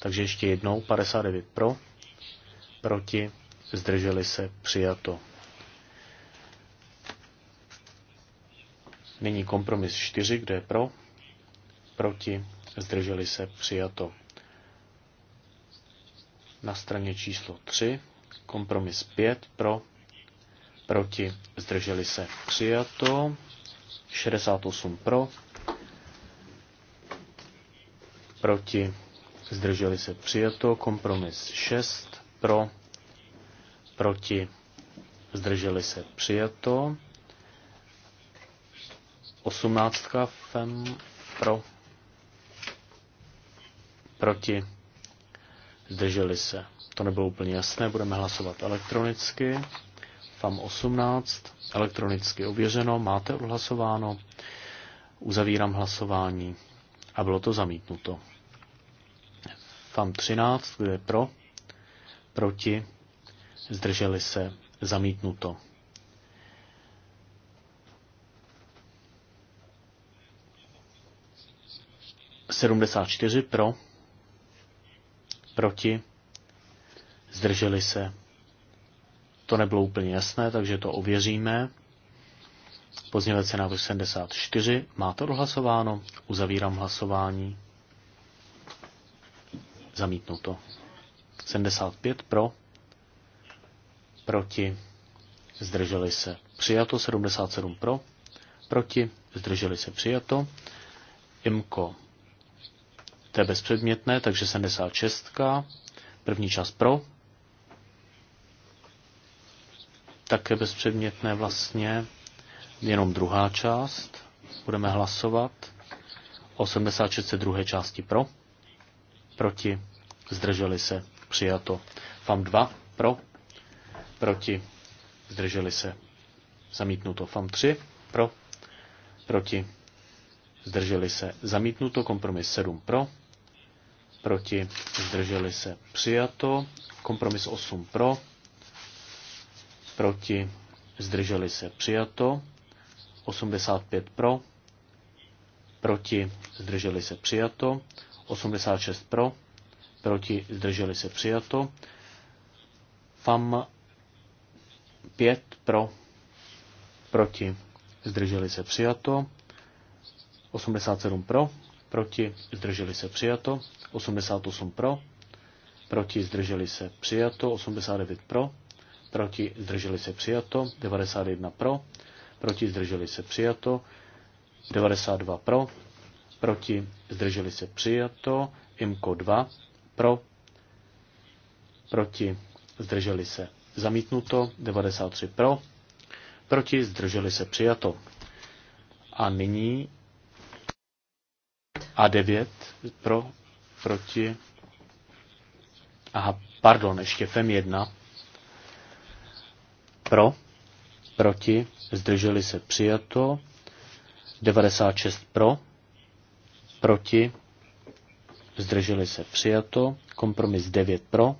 Takže ještě jednou, 59 pro, proti, zdrželi se, přijato. Nyní kompromis 4, kde je pro, proti, zdrželi se, přijato. Na straně číslo 3 Kompromis 5 pro, proti, zdrželi se přijato. 68 pro, proti, zdrželi se přijato. Kompromis 6 pro, proti, zdrželi se přijato. 18 FEM pro, proti, zdrželi se to nebylo úplně jasné, budeme hlasovat elektronicky. FAM 18, elektronicky ověřeno, máte odhlasováno. Uzavírám hlasování a bylo to zamítnuto. FAM 13, kdo je pro, proti, zdrželi se, zamítnuto. Sedmdesát čtyři pro, proti, zdrželi se. To nebylo úplně jasné, takže to ověříme. Pozměňovací návrh 74. Má to dohlasováno? Uzavírám hlasování. Zamítnuto. 75 pro, proti, zdrželi se. Přijato 77 pro, proti, zdrželi se. Přijato. Imko. To je bezpředmětné, takže 76. První část pro, také bezpředmětné vlastně jenom druhá část. Budeme hlasovat 86 76. druhé části pro, proti, zdrželi se, přijato. FAM 2 pro, proti, zdrželi se, zamítnuto. FAM 3 pro, proti, zdrželi se, zamítnuto. Kompromis 7 pro, proti, zdrželi se, přijato. Kompromis 8 pro, proti, zdrželi se přijato, 85 pro, proti, zdrželi se přijato, 86 pro, proti, zdrželi se přijato, FAM 5 pro, proti, zdrželi se přijato, 87 pro, proti, zdrželi se přijato, 88 pro, proti, zdrželi se přijato, 89 pro, proti zdrželi se přijato, 91 pro, proti zdrželi se přijato, 92 pro, proti zdrželi se přijato, IMKO 2 pro, proti zdrželi se zamítnuto, 93 pro, proti zdrželi se přijato. A nyní A9 pro, proti, aha, pardon, ještě FEM 1 pro, proti, zdrželi se přijato. 96 pro, proti, zdrželi se přijato. Kompromis 9 pro,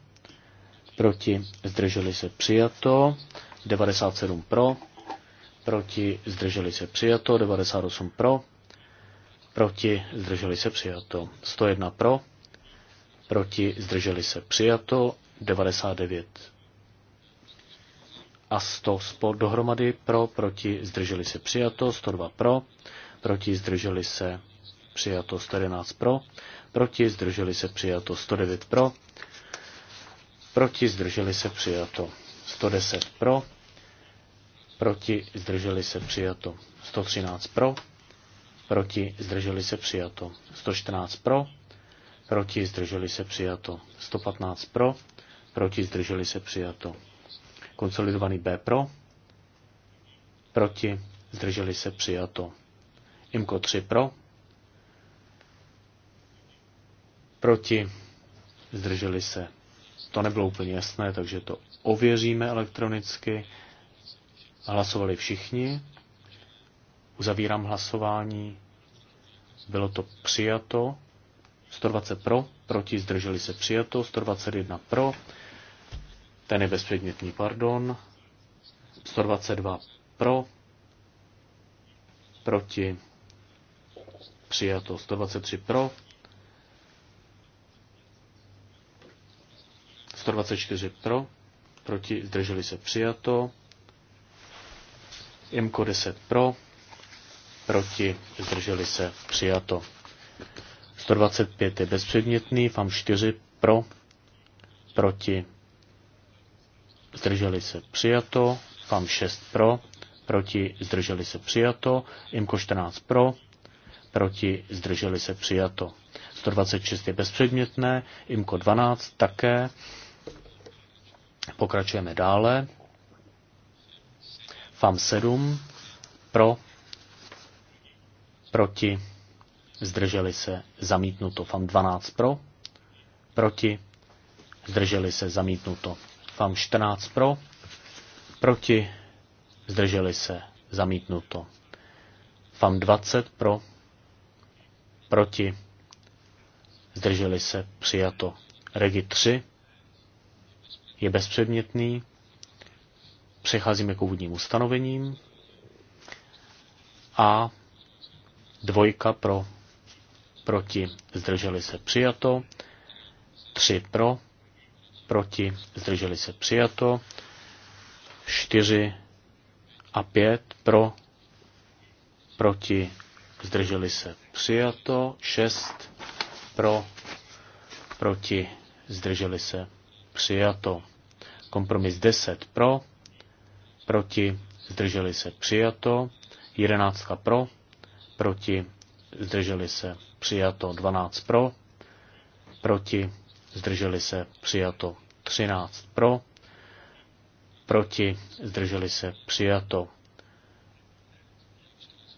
proti, zdrželi se přijato. 97 pro, proti, zdrželi se přijato. 98 pro, proti, zdrželi se přijato. 101 pro, proti, zdrželi se přijato. 99 a 100 spol dohromady pro, proti, zdrželi se přijato, 102 pro, proti, zdrželi se přijato, 111 pro, proti, zdrželi se přijato, 109 pro, proti, zdrželi se přijato, 110 pro, proti, zdrželi se přijato, 113 pro, proti, zdrželi se přijato, 114 pro, proti, zdrželi se přijato, 115 pro, proti, zdrželi se přijato, Konsolidovaný B pro, proti, zdrželi se přijato. IMKO 3 pro, proti, zdrželi se. To nebylo úplně jasné, takže to ověříme elektronicky. Hlasovali všichni. Uzavírám hlasování. Bylo to přijato. 120 pro, proti zdrželi se přijato, 121 pro, ten je bezpředmětný, pardon. 122 pro, proti, přijato. 123 pro, 124 pro, proti, zdrželi se přijato. IMCO 10 pro, proti, zdrželi se přijato. 125 je bezpředmětný, FAM 4 pro, proti, zdrželi se přijato, FAM 6 pro, proti zdrželi se přijato, IMKO 14 pro, proti zdrželi se přijato. 126 je bezpředmětné, IMKO 12 také. Pokračujeme dále. FAM 7 pro, proti, zdrželi se, zamítnuto. FAM 12 pro, proti, zdrželi se, zamítnuto. FAM 14 pro, proti, zdrželi se, zamítnuto. FAM 20 pro, proti, zdrželi se, přijato. Regi 3 je bezpředmětný, přecházíme k úvodním ustanovením a dvojka pro, proti, zdrželi se, přijato, tři pro, proti, zdrželi se přijato, 4 a 5 pro, proti, zdrželi se přijato, 6 pro, proti, zdrželi se přijato. Kompromis 10 pro, proti, zdrželi se přijato, 11 pro, proti, zdrželi se přijato, 12 pro, proti, zdrželi se, přijato. 13 pro, proti, zdrželi se, přijato.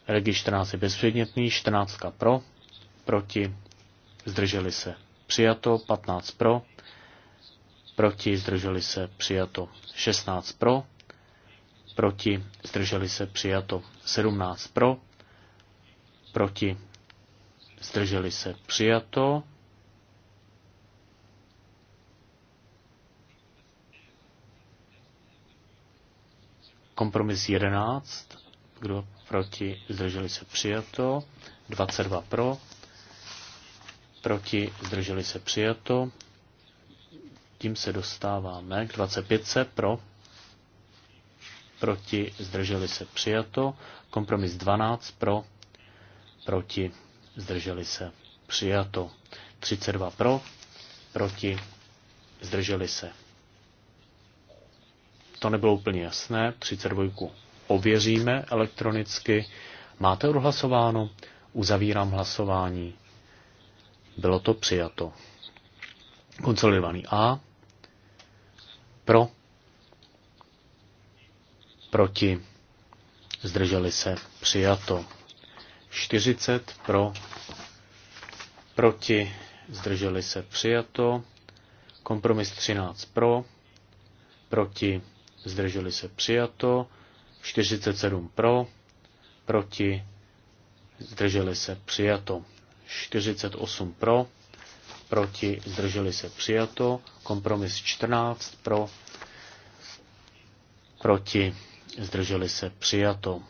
Regi 14 je bezpředmětný, 14 pro, proti, zdrželi se, přijato, 15 pro, proti, zdrželi se, přijato, 16 pro, proti, zdrželi se, přijato, 17 pro, proti, zdrželi se, přijato, Kompromis 11, kdo proti, zdrželi se přijato. 22 pro, proti, zdrželi se přijato. Tím se dostáváme k 25 pro, proti, zdrželi se přijato. Kompromis 12 pro, proti, zdrželi se přijato. 32 pro, proti, zdrželi se to nebylo úplně jasné, 32 ověříme elektronicky. Máte odhlasováno? Uzavírám hlasování. Bylo to přijato. Konsolidovaný A. Pro. Proti. Zdrželi se. Přijato. 40 pro. Proti. Zdrželi se. Přijato. Kompromis 13 pro. Proti zdrželi se přijato, 47 pro, proti, zdrželi se přijato, 48 pro, proti, zdrželi se přijato, kompromis 14 pro, proti, zdrželi se přijato,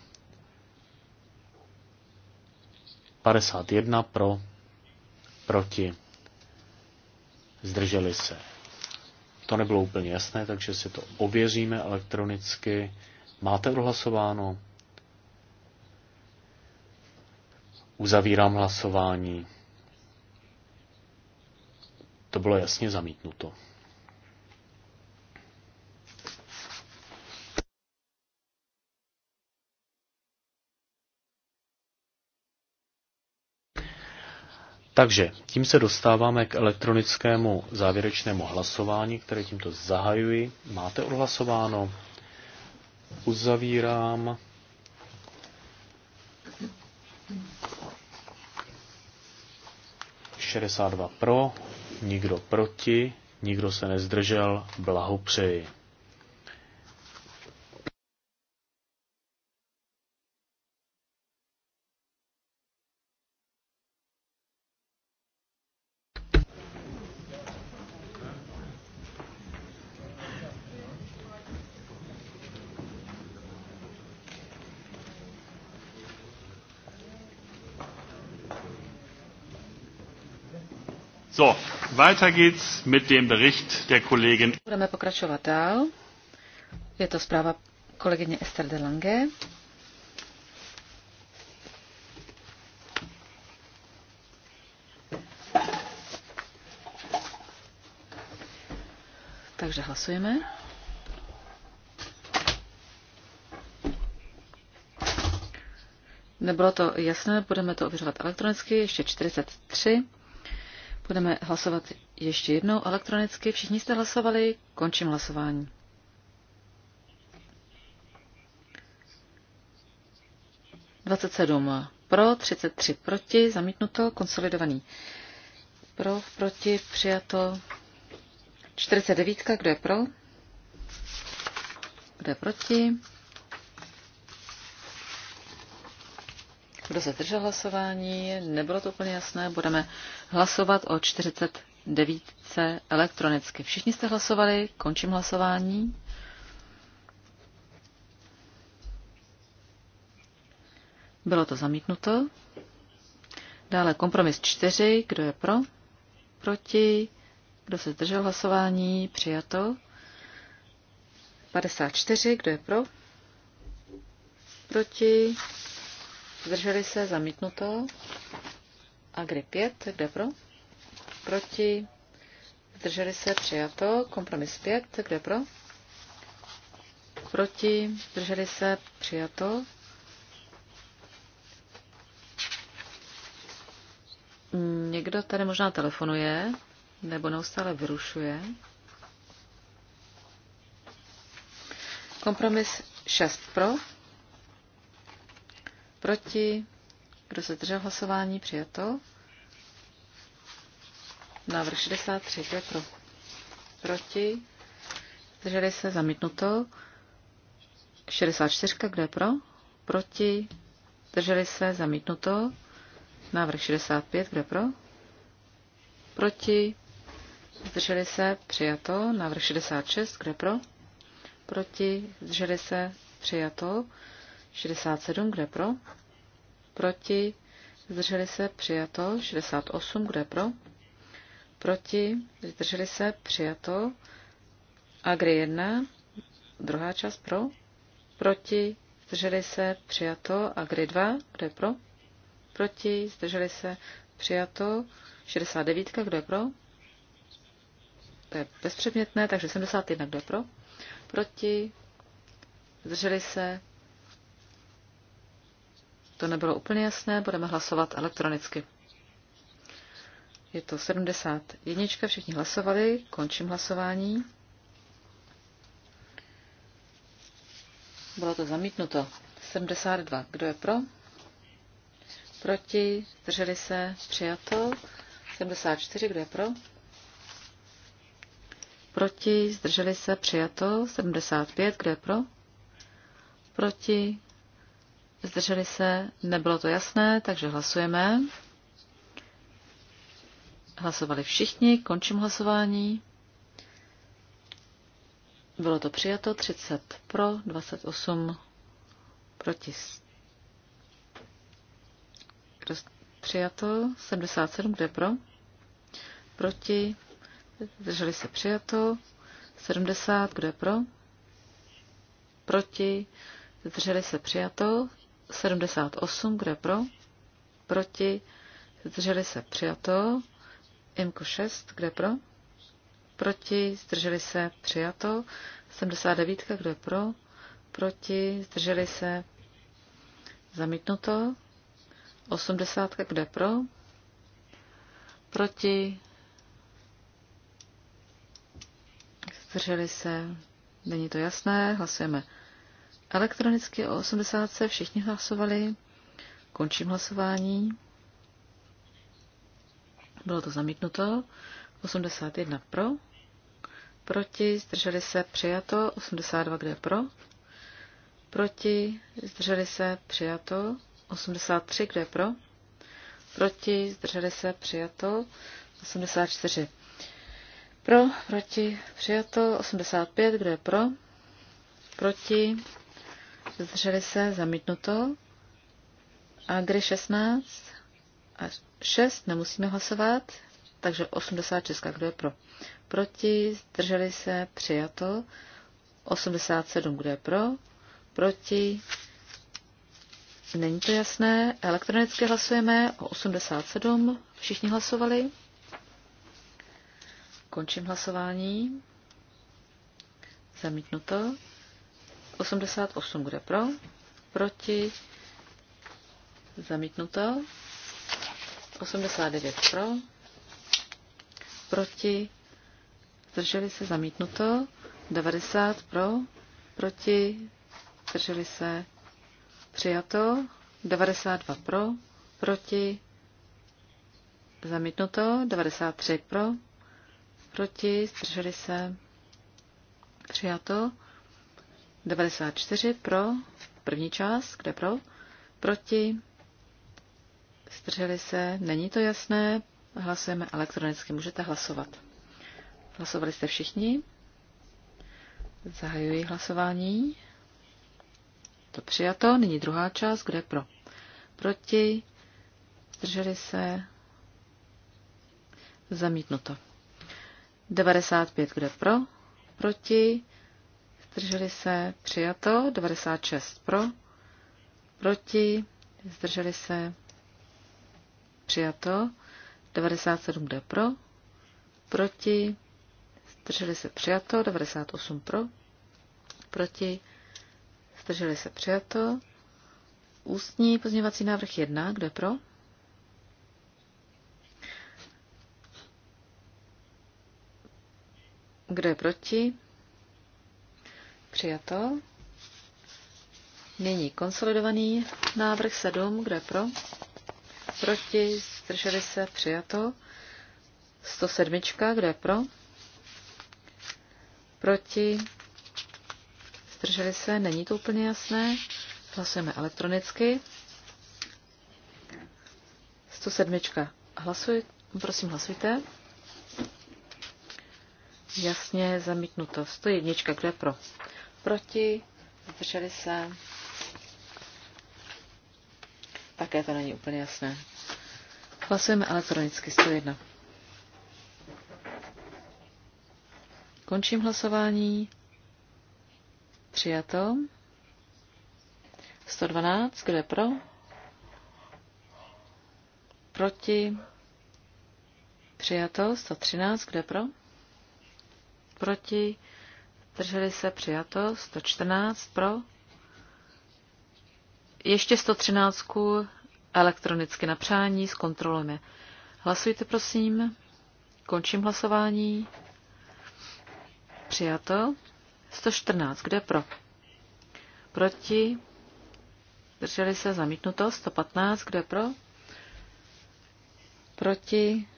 51 pro, proti, zdrželi se to nebylo úplně jasné, takže si to ověříme elektronicky. Máte odhlasováno? Uzavírám hlasování. To bylo jasně zamítnuto. Takže tím se dostáváme k elektronickému závěrečnému hlasování, které tímto zahajuji. Máte odhlasováno? Uzavírám. pro, nikdo proti, nikdo se nezdržel, blahopřeji. So, weiter geht's mit dem Bericht der Kollegin. Budeme pokračovat dál. Je to zpráva kolegyně Esther de Lange. Takže hlasujeme. Nebylo to jasné, budeme to ověřovat elektronicky, ještě 43. Budeme hlasovat ještě jednou elektronicky. Všichni jste hlasovali. Končím hlasování. Dvacet sedm pro, 33 proti, zamítnuto, konsolidovaný. Pro, proti, přijato. 49, kdo je pro? Kdo je proti? Kdo se držel hlasování? Nebylo to úplně jasné. Budeme hlasovat o 49 elektronicky. Všichni jste hlasovali? Končím hlasování. Bylo to zamítnuto. Dále kompromis 4. Kdo je pro? Proti? Kdo se zdržel hlasování? Přijato. 54. Kdo je pro? Proti? Zdrželi se zamítnuto. Agri 5, kde pro? Proti. Zdrželi se přijato. Kompromis 5, kde pro? Proti. Zdrželi se přijato. Někdo tady možná telefonuje nebo neustále vyrušuje. Kompromis 6 pro, Proti? Kdo se držel hlasování? Přijato. Návrh 63. Kdo je pro? Proti? drželi se? Zamítnuto. 64. Kdo je pro? Proti? drželi se? Zamítnuto. Návrh 65. Kdo je pro? Proti? Zdrželi se? Přijato. Návrh 66. Kdo je pro? Proti? Zdrželi se? Přijato. 67, kde pro? Proti. Zdrželi se přijato. 68, kde pro? Proti. Zdrželi se přijato. Agri 1, druhá část pro? Proti. Zdrželi se přijato. Agri 2, kde pro? Proti. Zdrželi se přijato. 69, kde pro? To je bezpředmětné, takže 71, kde pro? Proti. Zdrželi se to nebylo úplně jasné, budeme hlasovat elektronicky. Je to 70. Jednička. všichni hlasovali, končím hlasování. Bylo to zamítnuto. 72. Kdo je pro? Proti? Zdrželi se? Přijato. 74. Kdo je pro? Proti? Zdrželi se? Přijato. 75. Kdo je pro? Proti? Zdrželi se? Nebylo to jasné, takže hlasujeme. Hlasovali všichni, končím hlasování. Bylo to přijato 30 pro, 28 proti. Přijato 77, kde pro? Proti. Zdrželi se přijato 70, kde pro? Proti. Zdrželi se přijato 78, kdo je pro? Proti? Zdrželi se přijato. Imko 6, kdo je pro? Proti? Zdrželi se přijato. 79, kdo je pro? Proti? Zdrželi se zamítnuto. 80, kdo je pro? Proti? Zdrželi se. Není to jasné. Hlasujeme Elektronicky o 80 se všichni hlasovali. Končím hlasování. Bylo to zamítnuto. 81 pro. Proti zdrželi se přijato. 82 kde pro. Proti zdrželi se přijato. 83 kde pro. Proti zdrželi se přijato. 84 pro. Proti přijato. 85 kde pro. Proti zdrželi se, zamítnuto. kde 16 a 6 nemusíme hlasovat, takže 86, kdo je pro? Proti, zdrželi se, přijato. 87, kdo je pro? Proti, není to jasné. Elektronicky hlasujeme o 87, všichni hlasovali. Končím hlasování. Zamítnuto. 88 bude pro, proti, zamítnuto. 89 pro, proti, zdrželi se, zamítnuto. 90 pro, proti, zdrželi se, přijato. 92 pro, proti, zamítnuto. 93 pro, proti, zdrželi se, přijato. 94 pro, první část, kde pro, proti, zdrželi se, není to jasné, hlasujeme elektronicky, můžete hlasovat. Hlasovali jste všichni? Zahajuji hlasování. To přijato, nyní druhá část, kde pro, proti, zdrželi se, zamítnuto. 95, kde pro, proti, zdrželi se, přijato, 96 pro, proti, zdrželi se, přijato, 97 jde pro, proti, zdrželi se, přijato, 98 pro, proti, zdrželi se, přijato, ústní pozměňovací návrh 1, kde pro, kdo je proti? Přijato. Nyní konsolidovaný návrh 7, kde pro? Proti, zdrželi se, přijato. 107, kde pro? Proti, zdrželi se, není to úplně jasné. Hlasujeme elektronicky. 107. Hlasuj, prosím, hlasujte. Jasně zamítnuto. 101. kde pro? proti, zdrželi se. Také to není úplně jasné. Hlasujeme elektronicky 101. Končím hlasování. Přijato. 112, kdo je pro? Proti. Přijato. 113, kdo je pro? Proti. Zdrželi se přijato 114 pro. Ještě 113 elektronicky na přání s kontrolami. Hlasujte prosím. Končím hlasování. Přijato. 114. Kde pro? Proti. Drželi se zamítnuto. 115. Kde pro? Proti.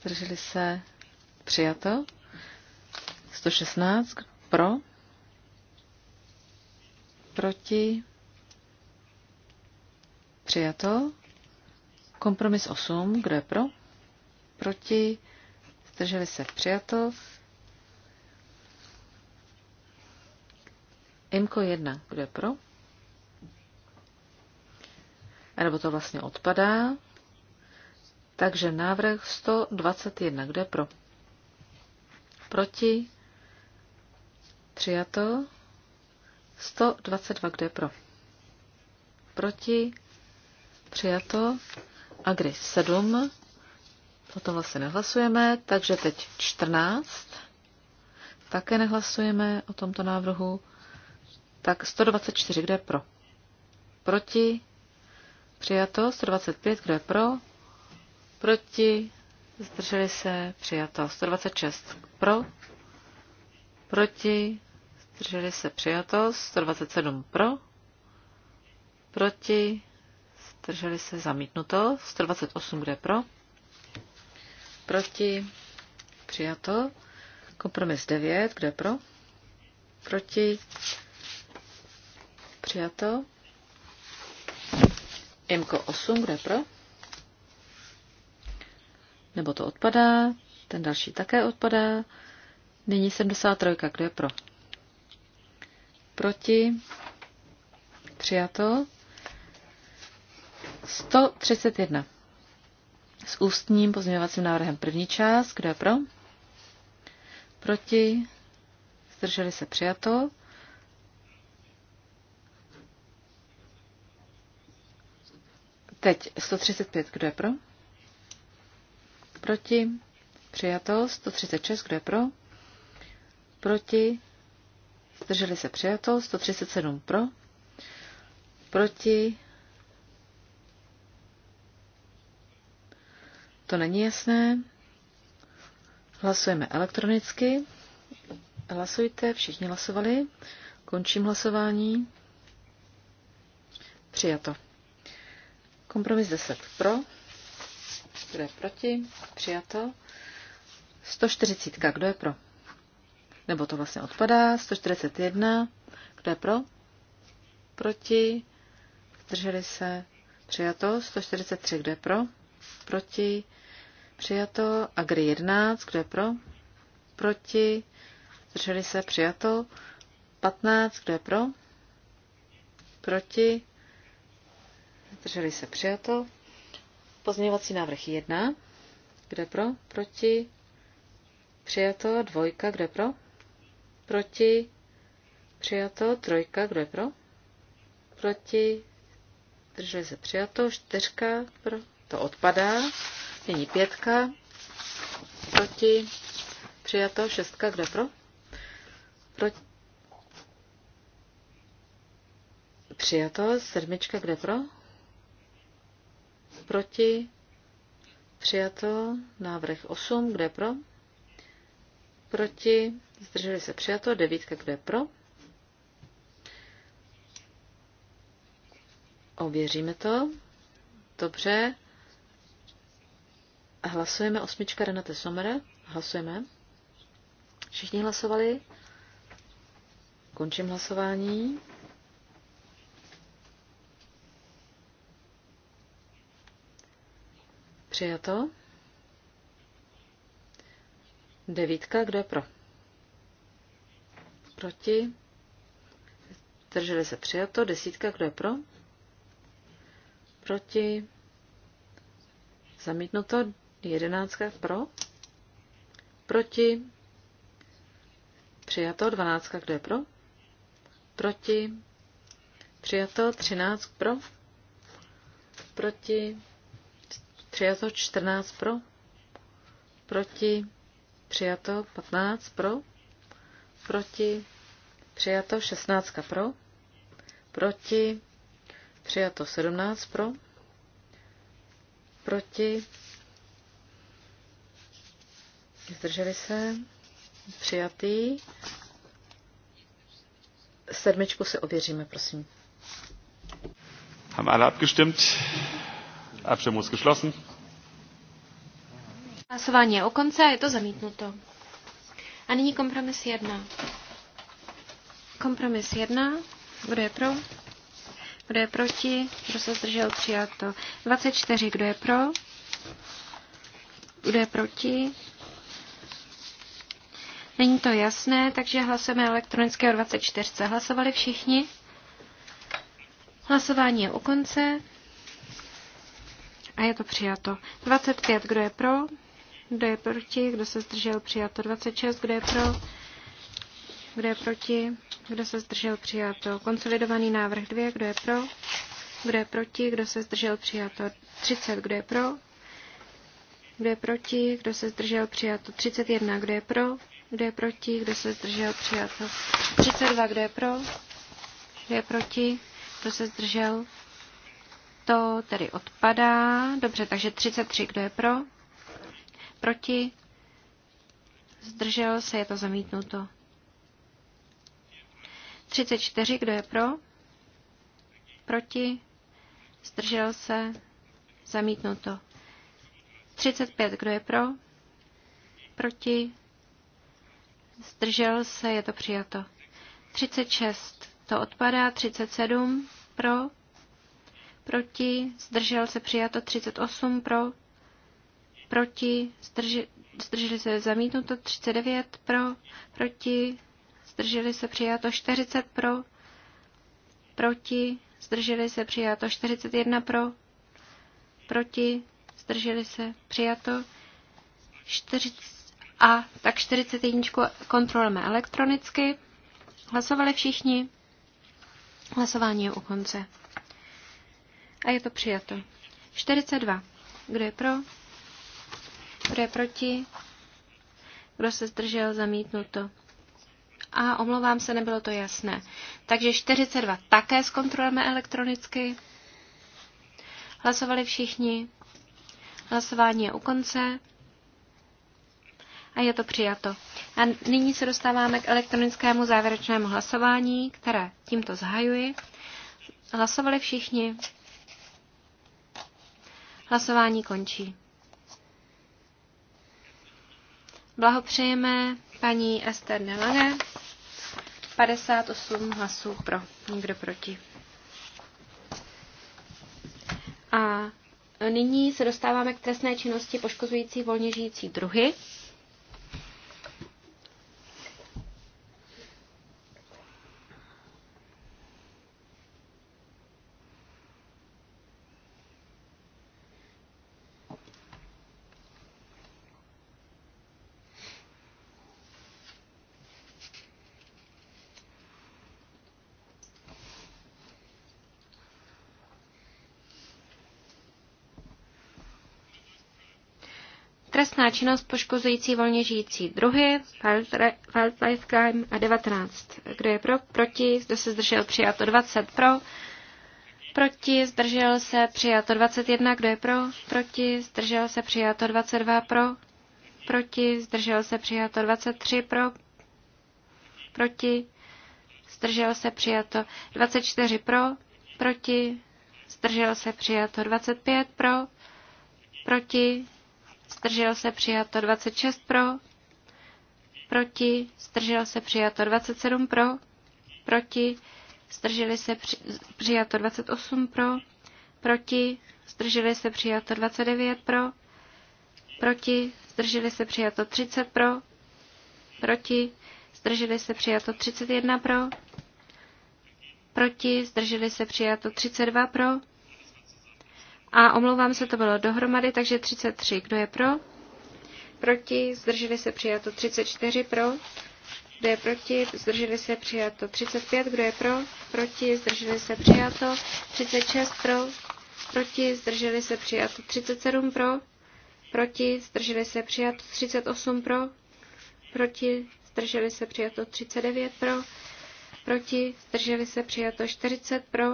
Zdrželi se. Přijato. 116 pro, proti, přijato. Kompromis 8, kdo je pro, proti, zdrželi se přijato. Imko 1, kdo je pro? A nebo to vlastně odpadá. Takže návrh 121, kdo je pro? Proti? Přijato. 122, kde pro? Proti. Přijato. Agri 7. O tom vlastně nehlasujeme, takže teď 14. Také nehlasujeme o tomto návrhu. Tak 124, kde je pro? Proti? Přijato. 125, kde je pro? Proti? Zdrželi se? Přijato. 126, pro? proti, zdrželi se přijato, 127 pro, proti, zdrželi se zamítnuto, 128 bude pro, proti, přijato, kompromis 9, kde pro, proti, přijato, Mko 8, kde pro, nebo to odpadá, ten další také odpadá, Nyní 73. Kdo je pro? Proti? Přijato. 131. S ústním pozměňovacím návrhem první část. Kdo je pro? Proti? Zdrželi se přijato. Teď 135. Kdo je pro? Proti? Přijato. 136. Kdo je pro? proti, zdrželi se přijato, 137 pro, proti, to není jasné, hlasujeme elektronicky, hlasujte, všichni hlasovali, končím hlasování, přijato. Kompromis 10 pro, kdo je proti, přijato, 140, kdo je pro? nebo to vlastně odpadá, 141, kdo je pro, proti, zdrželi se, přijato, 143, kdo je pro, proti, přijato, agri 11, kdo je pro, proti, zdrželi se, přijato, 15, kdo je pro, proti, zdrželi se, přijato, pozměňovací návrh 1, kde pro, proti, přijato, dvojka, kde pro, Proti? Přijato. Trojka. Kdo je pro? Proti? Drželi se přijato. Čtyřka. Pro. To odpadá. není pětka. Proti? Přijato. Šestka. Kdo je pro? Proti? Přijato. Sedmička. Kde pro? Proti? Přijato. Návrh 8. Kde pro? proti, zdrželi se přijato, devítka, kdo je pro. Ověříme to. Dobře. Hlasujeme osmička Renate Somere. Hlasujeme. Všichni hlasovali. Končím hlasování. Přijato. Devítka, kdo je pro? Proti? Drželi se přijato. Desítka, kdo je pro? Proti? Zamítnuto. Jedenáctka, pro? Proti? Přijato. Dvanáctka, kdo je pro? Proti? Přijato. Třináct, pro? Proti? Přijato. Čtrnáct, pro? Proti? přijato 15 pro, proti, přijato 16 pro, proti, přijato 17 pro, proti, zdrželi se, přijatý, sedmičku se ověříme, prosím. Haben alle abgestimmt? Abstimmung ist geschlossen. Hlasování je u konce a je to zamítnuto. A nyní kompromis jedna. Kompromis jedna. Kdo je pro? Kdo je proti? Kdo se zdržel? Přijato. 24. Kdo je pro? Kdo je proti? Není to jasné, takže hlasujeme elektronického 24. Hlasovali všichni? Hlasování je u konce. A je to přijato. 25. Kdo je pro? Kdo je proti? Kdo se zdržel? Přijato 26. Kdo je pro? Kdo je proti? Kdo se zdržel? Přijato. Konsolidovaný návrh 2. Kdo je pro? Kdo je proti? Kdo se zdržel? Přijato 30. Kdo je pro? Kdo je proti? Kdo se zdržel? Přijato 31. Kdo je pro? Kdo je proti? Kdo se zdržel? Přijato 32. Kdo je pro? Kdo je proti? Kdo se zdržel? To tedy odpadá. Dobře, takže 33. Kdo je pro? Proti? Zdržel se, je to zamítnuto. 34, kdo je pro? Proti? Zdržel se, zamítnuto. 35, kdo je pro? Proti? Zdržel se, je to přijato. 36, to odpadá. 37, pro? Proti? Zdržel se, přijato. 38, pro? proti, zdrži, zdrželi se zamítnuto 39 pro, proti, zdrželi se přijato 40 pro, proti, zdrželi se přijato 41 pro, proti, zdrželi se přijato 40 a tak 41 kontrolujeme elektronicky. Hlasovali všichni. Hlasování je u konce. A je to přijato. 42. Kdo je pro? Kdo je proti? Kdo se zdržel? Zamítnuto. A omlouvám se, nebylo to jasné. Takže 42 také zkontrolujeme elektronicky. Hlasovali všichni. Hlasování je u konce. A je to přijato. A nyní se dostáváme k elektronickému závěrečnému hlasování, které tímto zahajuji. Hlasovali všichni. Hlasování končí. Blahopřejeme paní Ester Nelange. 58 hlasů pro, nikdo proti. A nyní se dostáváme k trestné činnosti poškozující volně žijící druhy. trestná činnost poškozující volně žijící druhy, wildlife crime a 19. Kdo je pro? Proti? Kdo se zdržel? Přijato 20 pro. Proti? Zdržel se? Přijato 21. Kdo je pro? Proti? Zdržel se? Přijato 22 pro. Proti? Zdržel se? Přijato 23 pro. Proti? Zdržel se? Přijato 24 pro. Proti? Zdržel se? Přijato 25 pro. Proti? zdržel se přijato 26 pro, proti, zdržel se přijato 27 pro, proti, zdrželi se při, přijato 28 pro, proti, zdrželi se přijato 29 pro, proti, zdrželi se přijato 30 pro, proti, zdrželi se přijato 31 pro, proti, zdrželi se přijato 32 pro, a omlouvám se, to bylo dohromady, takže 33. Kdo je pro? Proti? Zdrželi se přijato 34 pro? Kdo je proti? Zdrželi se přijato 35. Kdo je pro? Proti? Zdrželi se přijato 36 pro? Proti? Zdrželi se přijato 37 pro? Proti? Zdrželi se přijato 38 pro? Proti? Zdrželi se přijato 39 pro? Proti? Zdrželi se přijato 40 pro?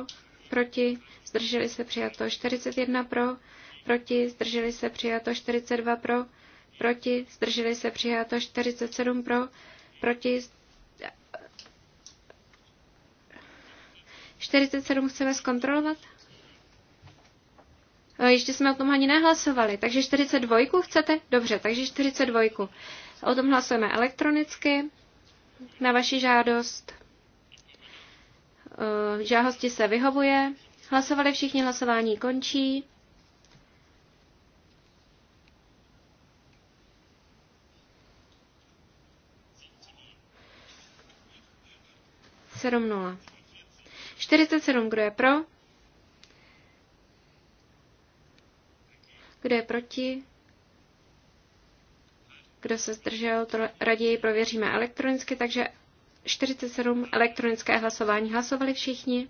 Proti? zdrželi se přijato 41 pro, proti, zdrželi se přijato 42 pro, proti, zdrželi se přijato 47 pro, proti, 47 chceme zkontrolovat? No, ještě jsme o tom ani nehlasovali, takže 42 chcete? Dobře, takže 42. O tom hlasujeme elektronicky na vaši žádost. E, Žádosti se vyhovuje. Hlasovali všichni, hlasování končí. Sedm nula. 47, kdo je pro? Kdo je proti? Kdo se zdržel, to raději prověříme elektronicky, takže 47 elektronické hlasování hlasovali všichni.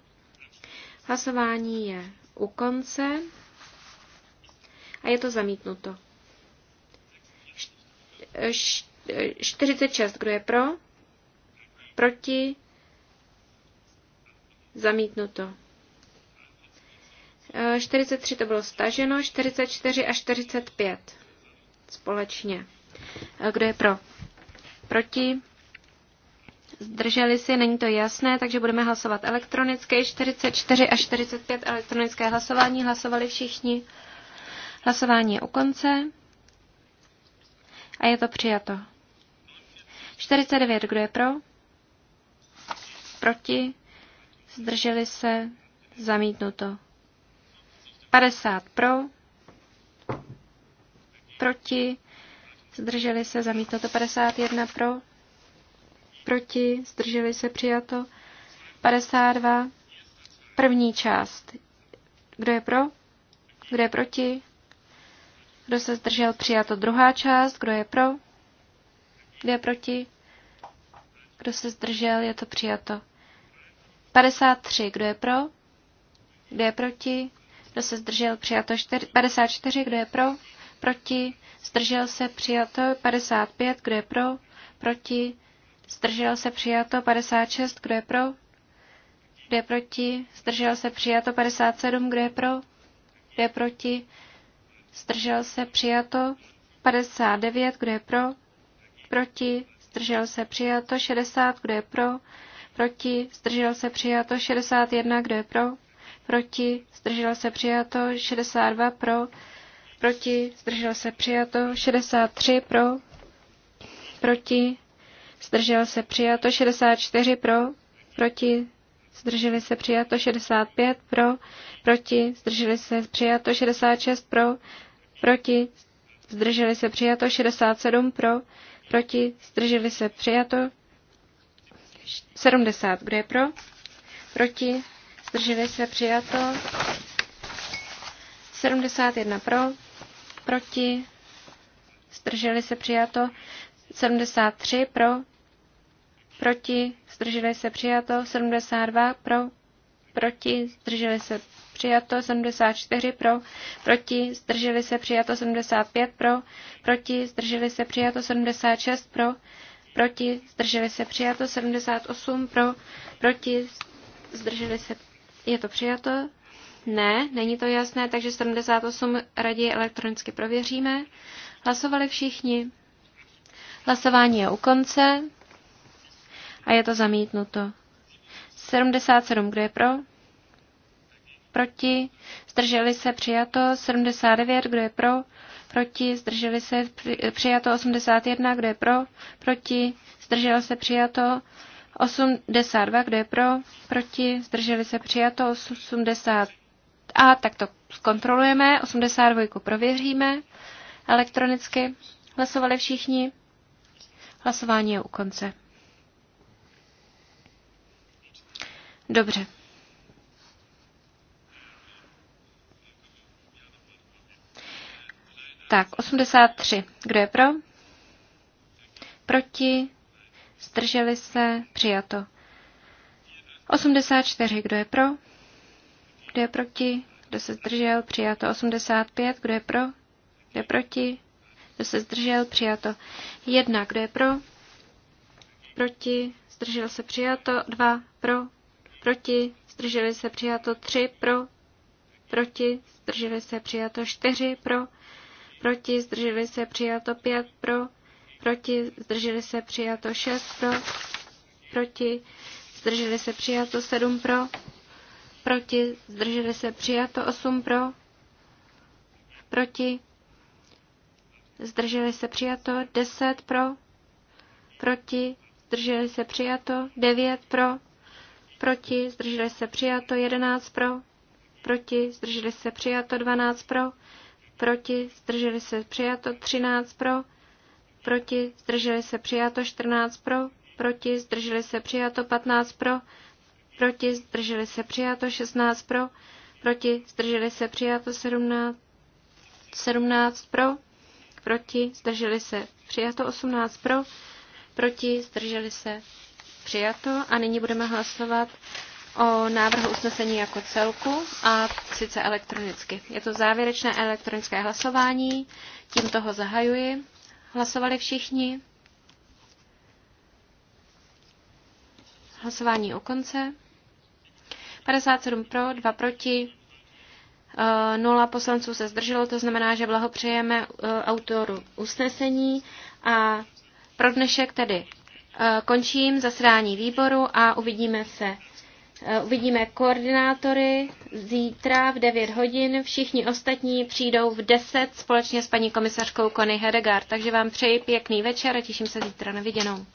Hlasování je u konce a je to zamítnuto. 46, kdo je pro? Proti? Zamítnuto. 43 to bylo staženo, 44 a 45 společně. Kdo je pro? Proti? zdrželi si, není to jasné, takže budeme hlasovat elektronicky. 44 a 45 elektronické hlasování hlasovali všichni. Hlasování je u konce a je to přijato. 49, kdo je pro? Proti? Zdrželi se? Zamítnuto. 50 pro? Proti? Zdrželi se? Zamítnuto. 51 pro? proti, zdrželi se přijato. 52, první část. Kdo je pro? Kdo je proti? Kdo se zdržel přijato? Druhá část. Kdo je pro? Kdo je proti? Kdo se zdržel? Je to přijato. 53. Kdo je pro? Kdo je proti? Kdo se zdržel? Přijato. 54. Kdo je pro? Proti? Zdržel se? Přijato. 55. Kdo je pro? Proti? zdržel se přijato 56, kdo je pro, kdo je proti, zdržel se přijato 57, kdo je pro, kdo je proti, zdržel se přijato 59, kdo je pro, proti, zdržel se přijato 60, kdo je pro, proti, zdržel se přijato 61, kdo je pro, proti, zdržel se přijato 62, pro, proti, zdržel se přijato 63, pro, proti, zdržel se přijato 64 pro, proti, zdrželi se přijato 65 pro, proti, zdrželi se přijato 66 pro, proti, zdrželi se přijato 67 pro, proti, zdrželi se přijato 70, kdo je pro, proti, zdrželi se přijato 71 pro, proti, zdrželi se přijato 73 pro, proti, zdrželi se přijato, 72 pro, proti, zdrželi se přijato, 74 pro, proti, zdrželi se přijato, 75 pro, proti, zdrželi se přijato, 76 pro, proti, zdrželi se přijato, 78 pro, proti, zdrželi se, je to přijato, ne, není to jasné, takže 78 raději elektronicky prověříme. Hlasovali všichni. Hlasování je u konce a je to zamítnuto. 77, kdo je pro? Proti, zdrželi se, přijato. 79, kdo je pro? Proti, zdrželi se, přijato. 81, kdo je pro? Proti, zdržel se, přijato. 82, kdo je pro? Proti, zdrželi se, přijato. 80. A tak to zkontrolujeme. 82 prověříme elektronicky. Hlasovali všichni. Hlasování je u konce. Dobře. Tak, 83. Kdo je pro? Proti? Zdrželi se? Přijato. 84. Kdo je pro? Kdo je proti? Kdo se zdržel? Přijato. 85. Kdo je pro? Kdo je proti? Kdo se zdržel? Přijato. 1. Kdo je pro? Proti? Zdržel se? Přijato. 2. Pro? proti, zdrželi se přijato 3 pro, proti, zdrželi se přijato 4 pro, proti, zdrželi se přijato 5 pro, proti, zdrželi se přijato 6 pro, proti, zdrželi se přijato 7 pro, proti, zdrželi se přijato 8 pro, proti, zdrželi se přijato 10 pro, proti, zdrželi se přijato 9 pro, proti, zdrželi se přijato 11 pro, proti, zdrželi se přijato 12 pro, proti, zdrželi se přijato 13 pro, proti, zdrželi se přijato 14 pro, proti, zdrželi se přijato 15 pro, proti, zdrželi se přijato 16 pro, proti, zdrželi se přijato 17, 17 pro, proti, zdrželi se přijato 18 pro, proti, zdrželi se Přijato. A nyní budeme hlasovat o návrhu usnesení jako celku a sice elektronicky. Je to závěrečné elektronické hlasování, tím toho zahajuji. Hlasovali všichni. Hlasování u konce. 57 pro, 2 proti, 0 eh, poslanců se zdrželo, to znamená, že blahopřejeme eh, autoru usnesení a pro dnešek tedy Eh, končím zasedání výboru a uvidíme se. Eh, uvidíme koordinátory zítra v 9 hodin. Všichni ostatní přijdou v 10 společně s paní komisařkou Conny Hedegaard. Takže vám přeji pěkný večer a těším se zítra na viděnou.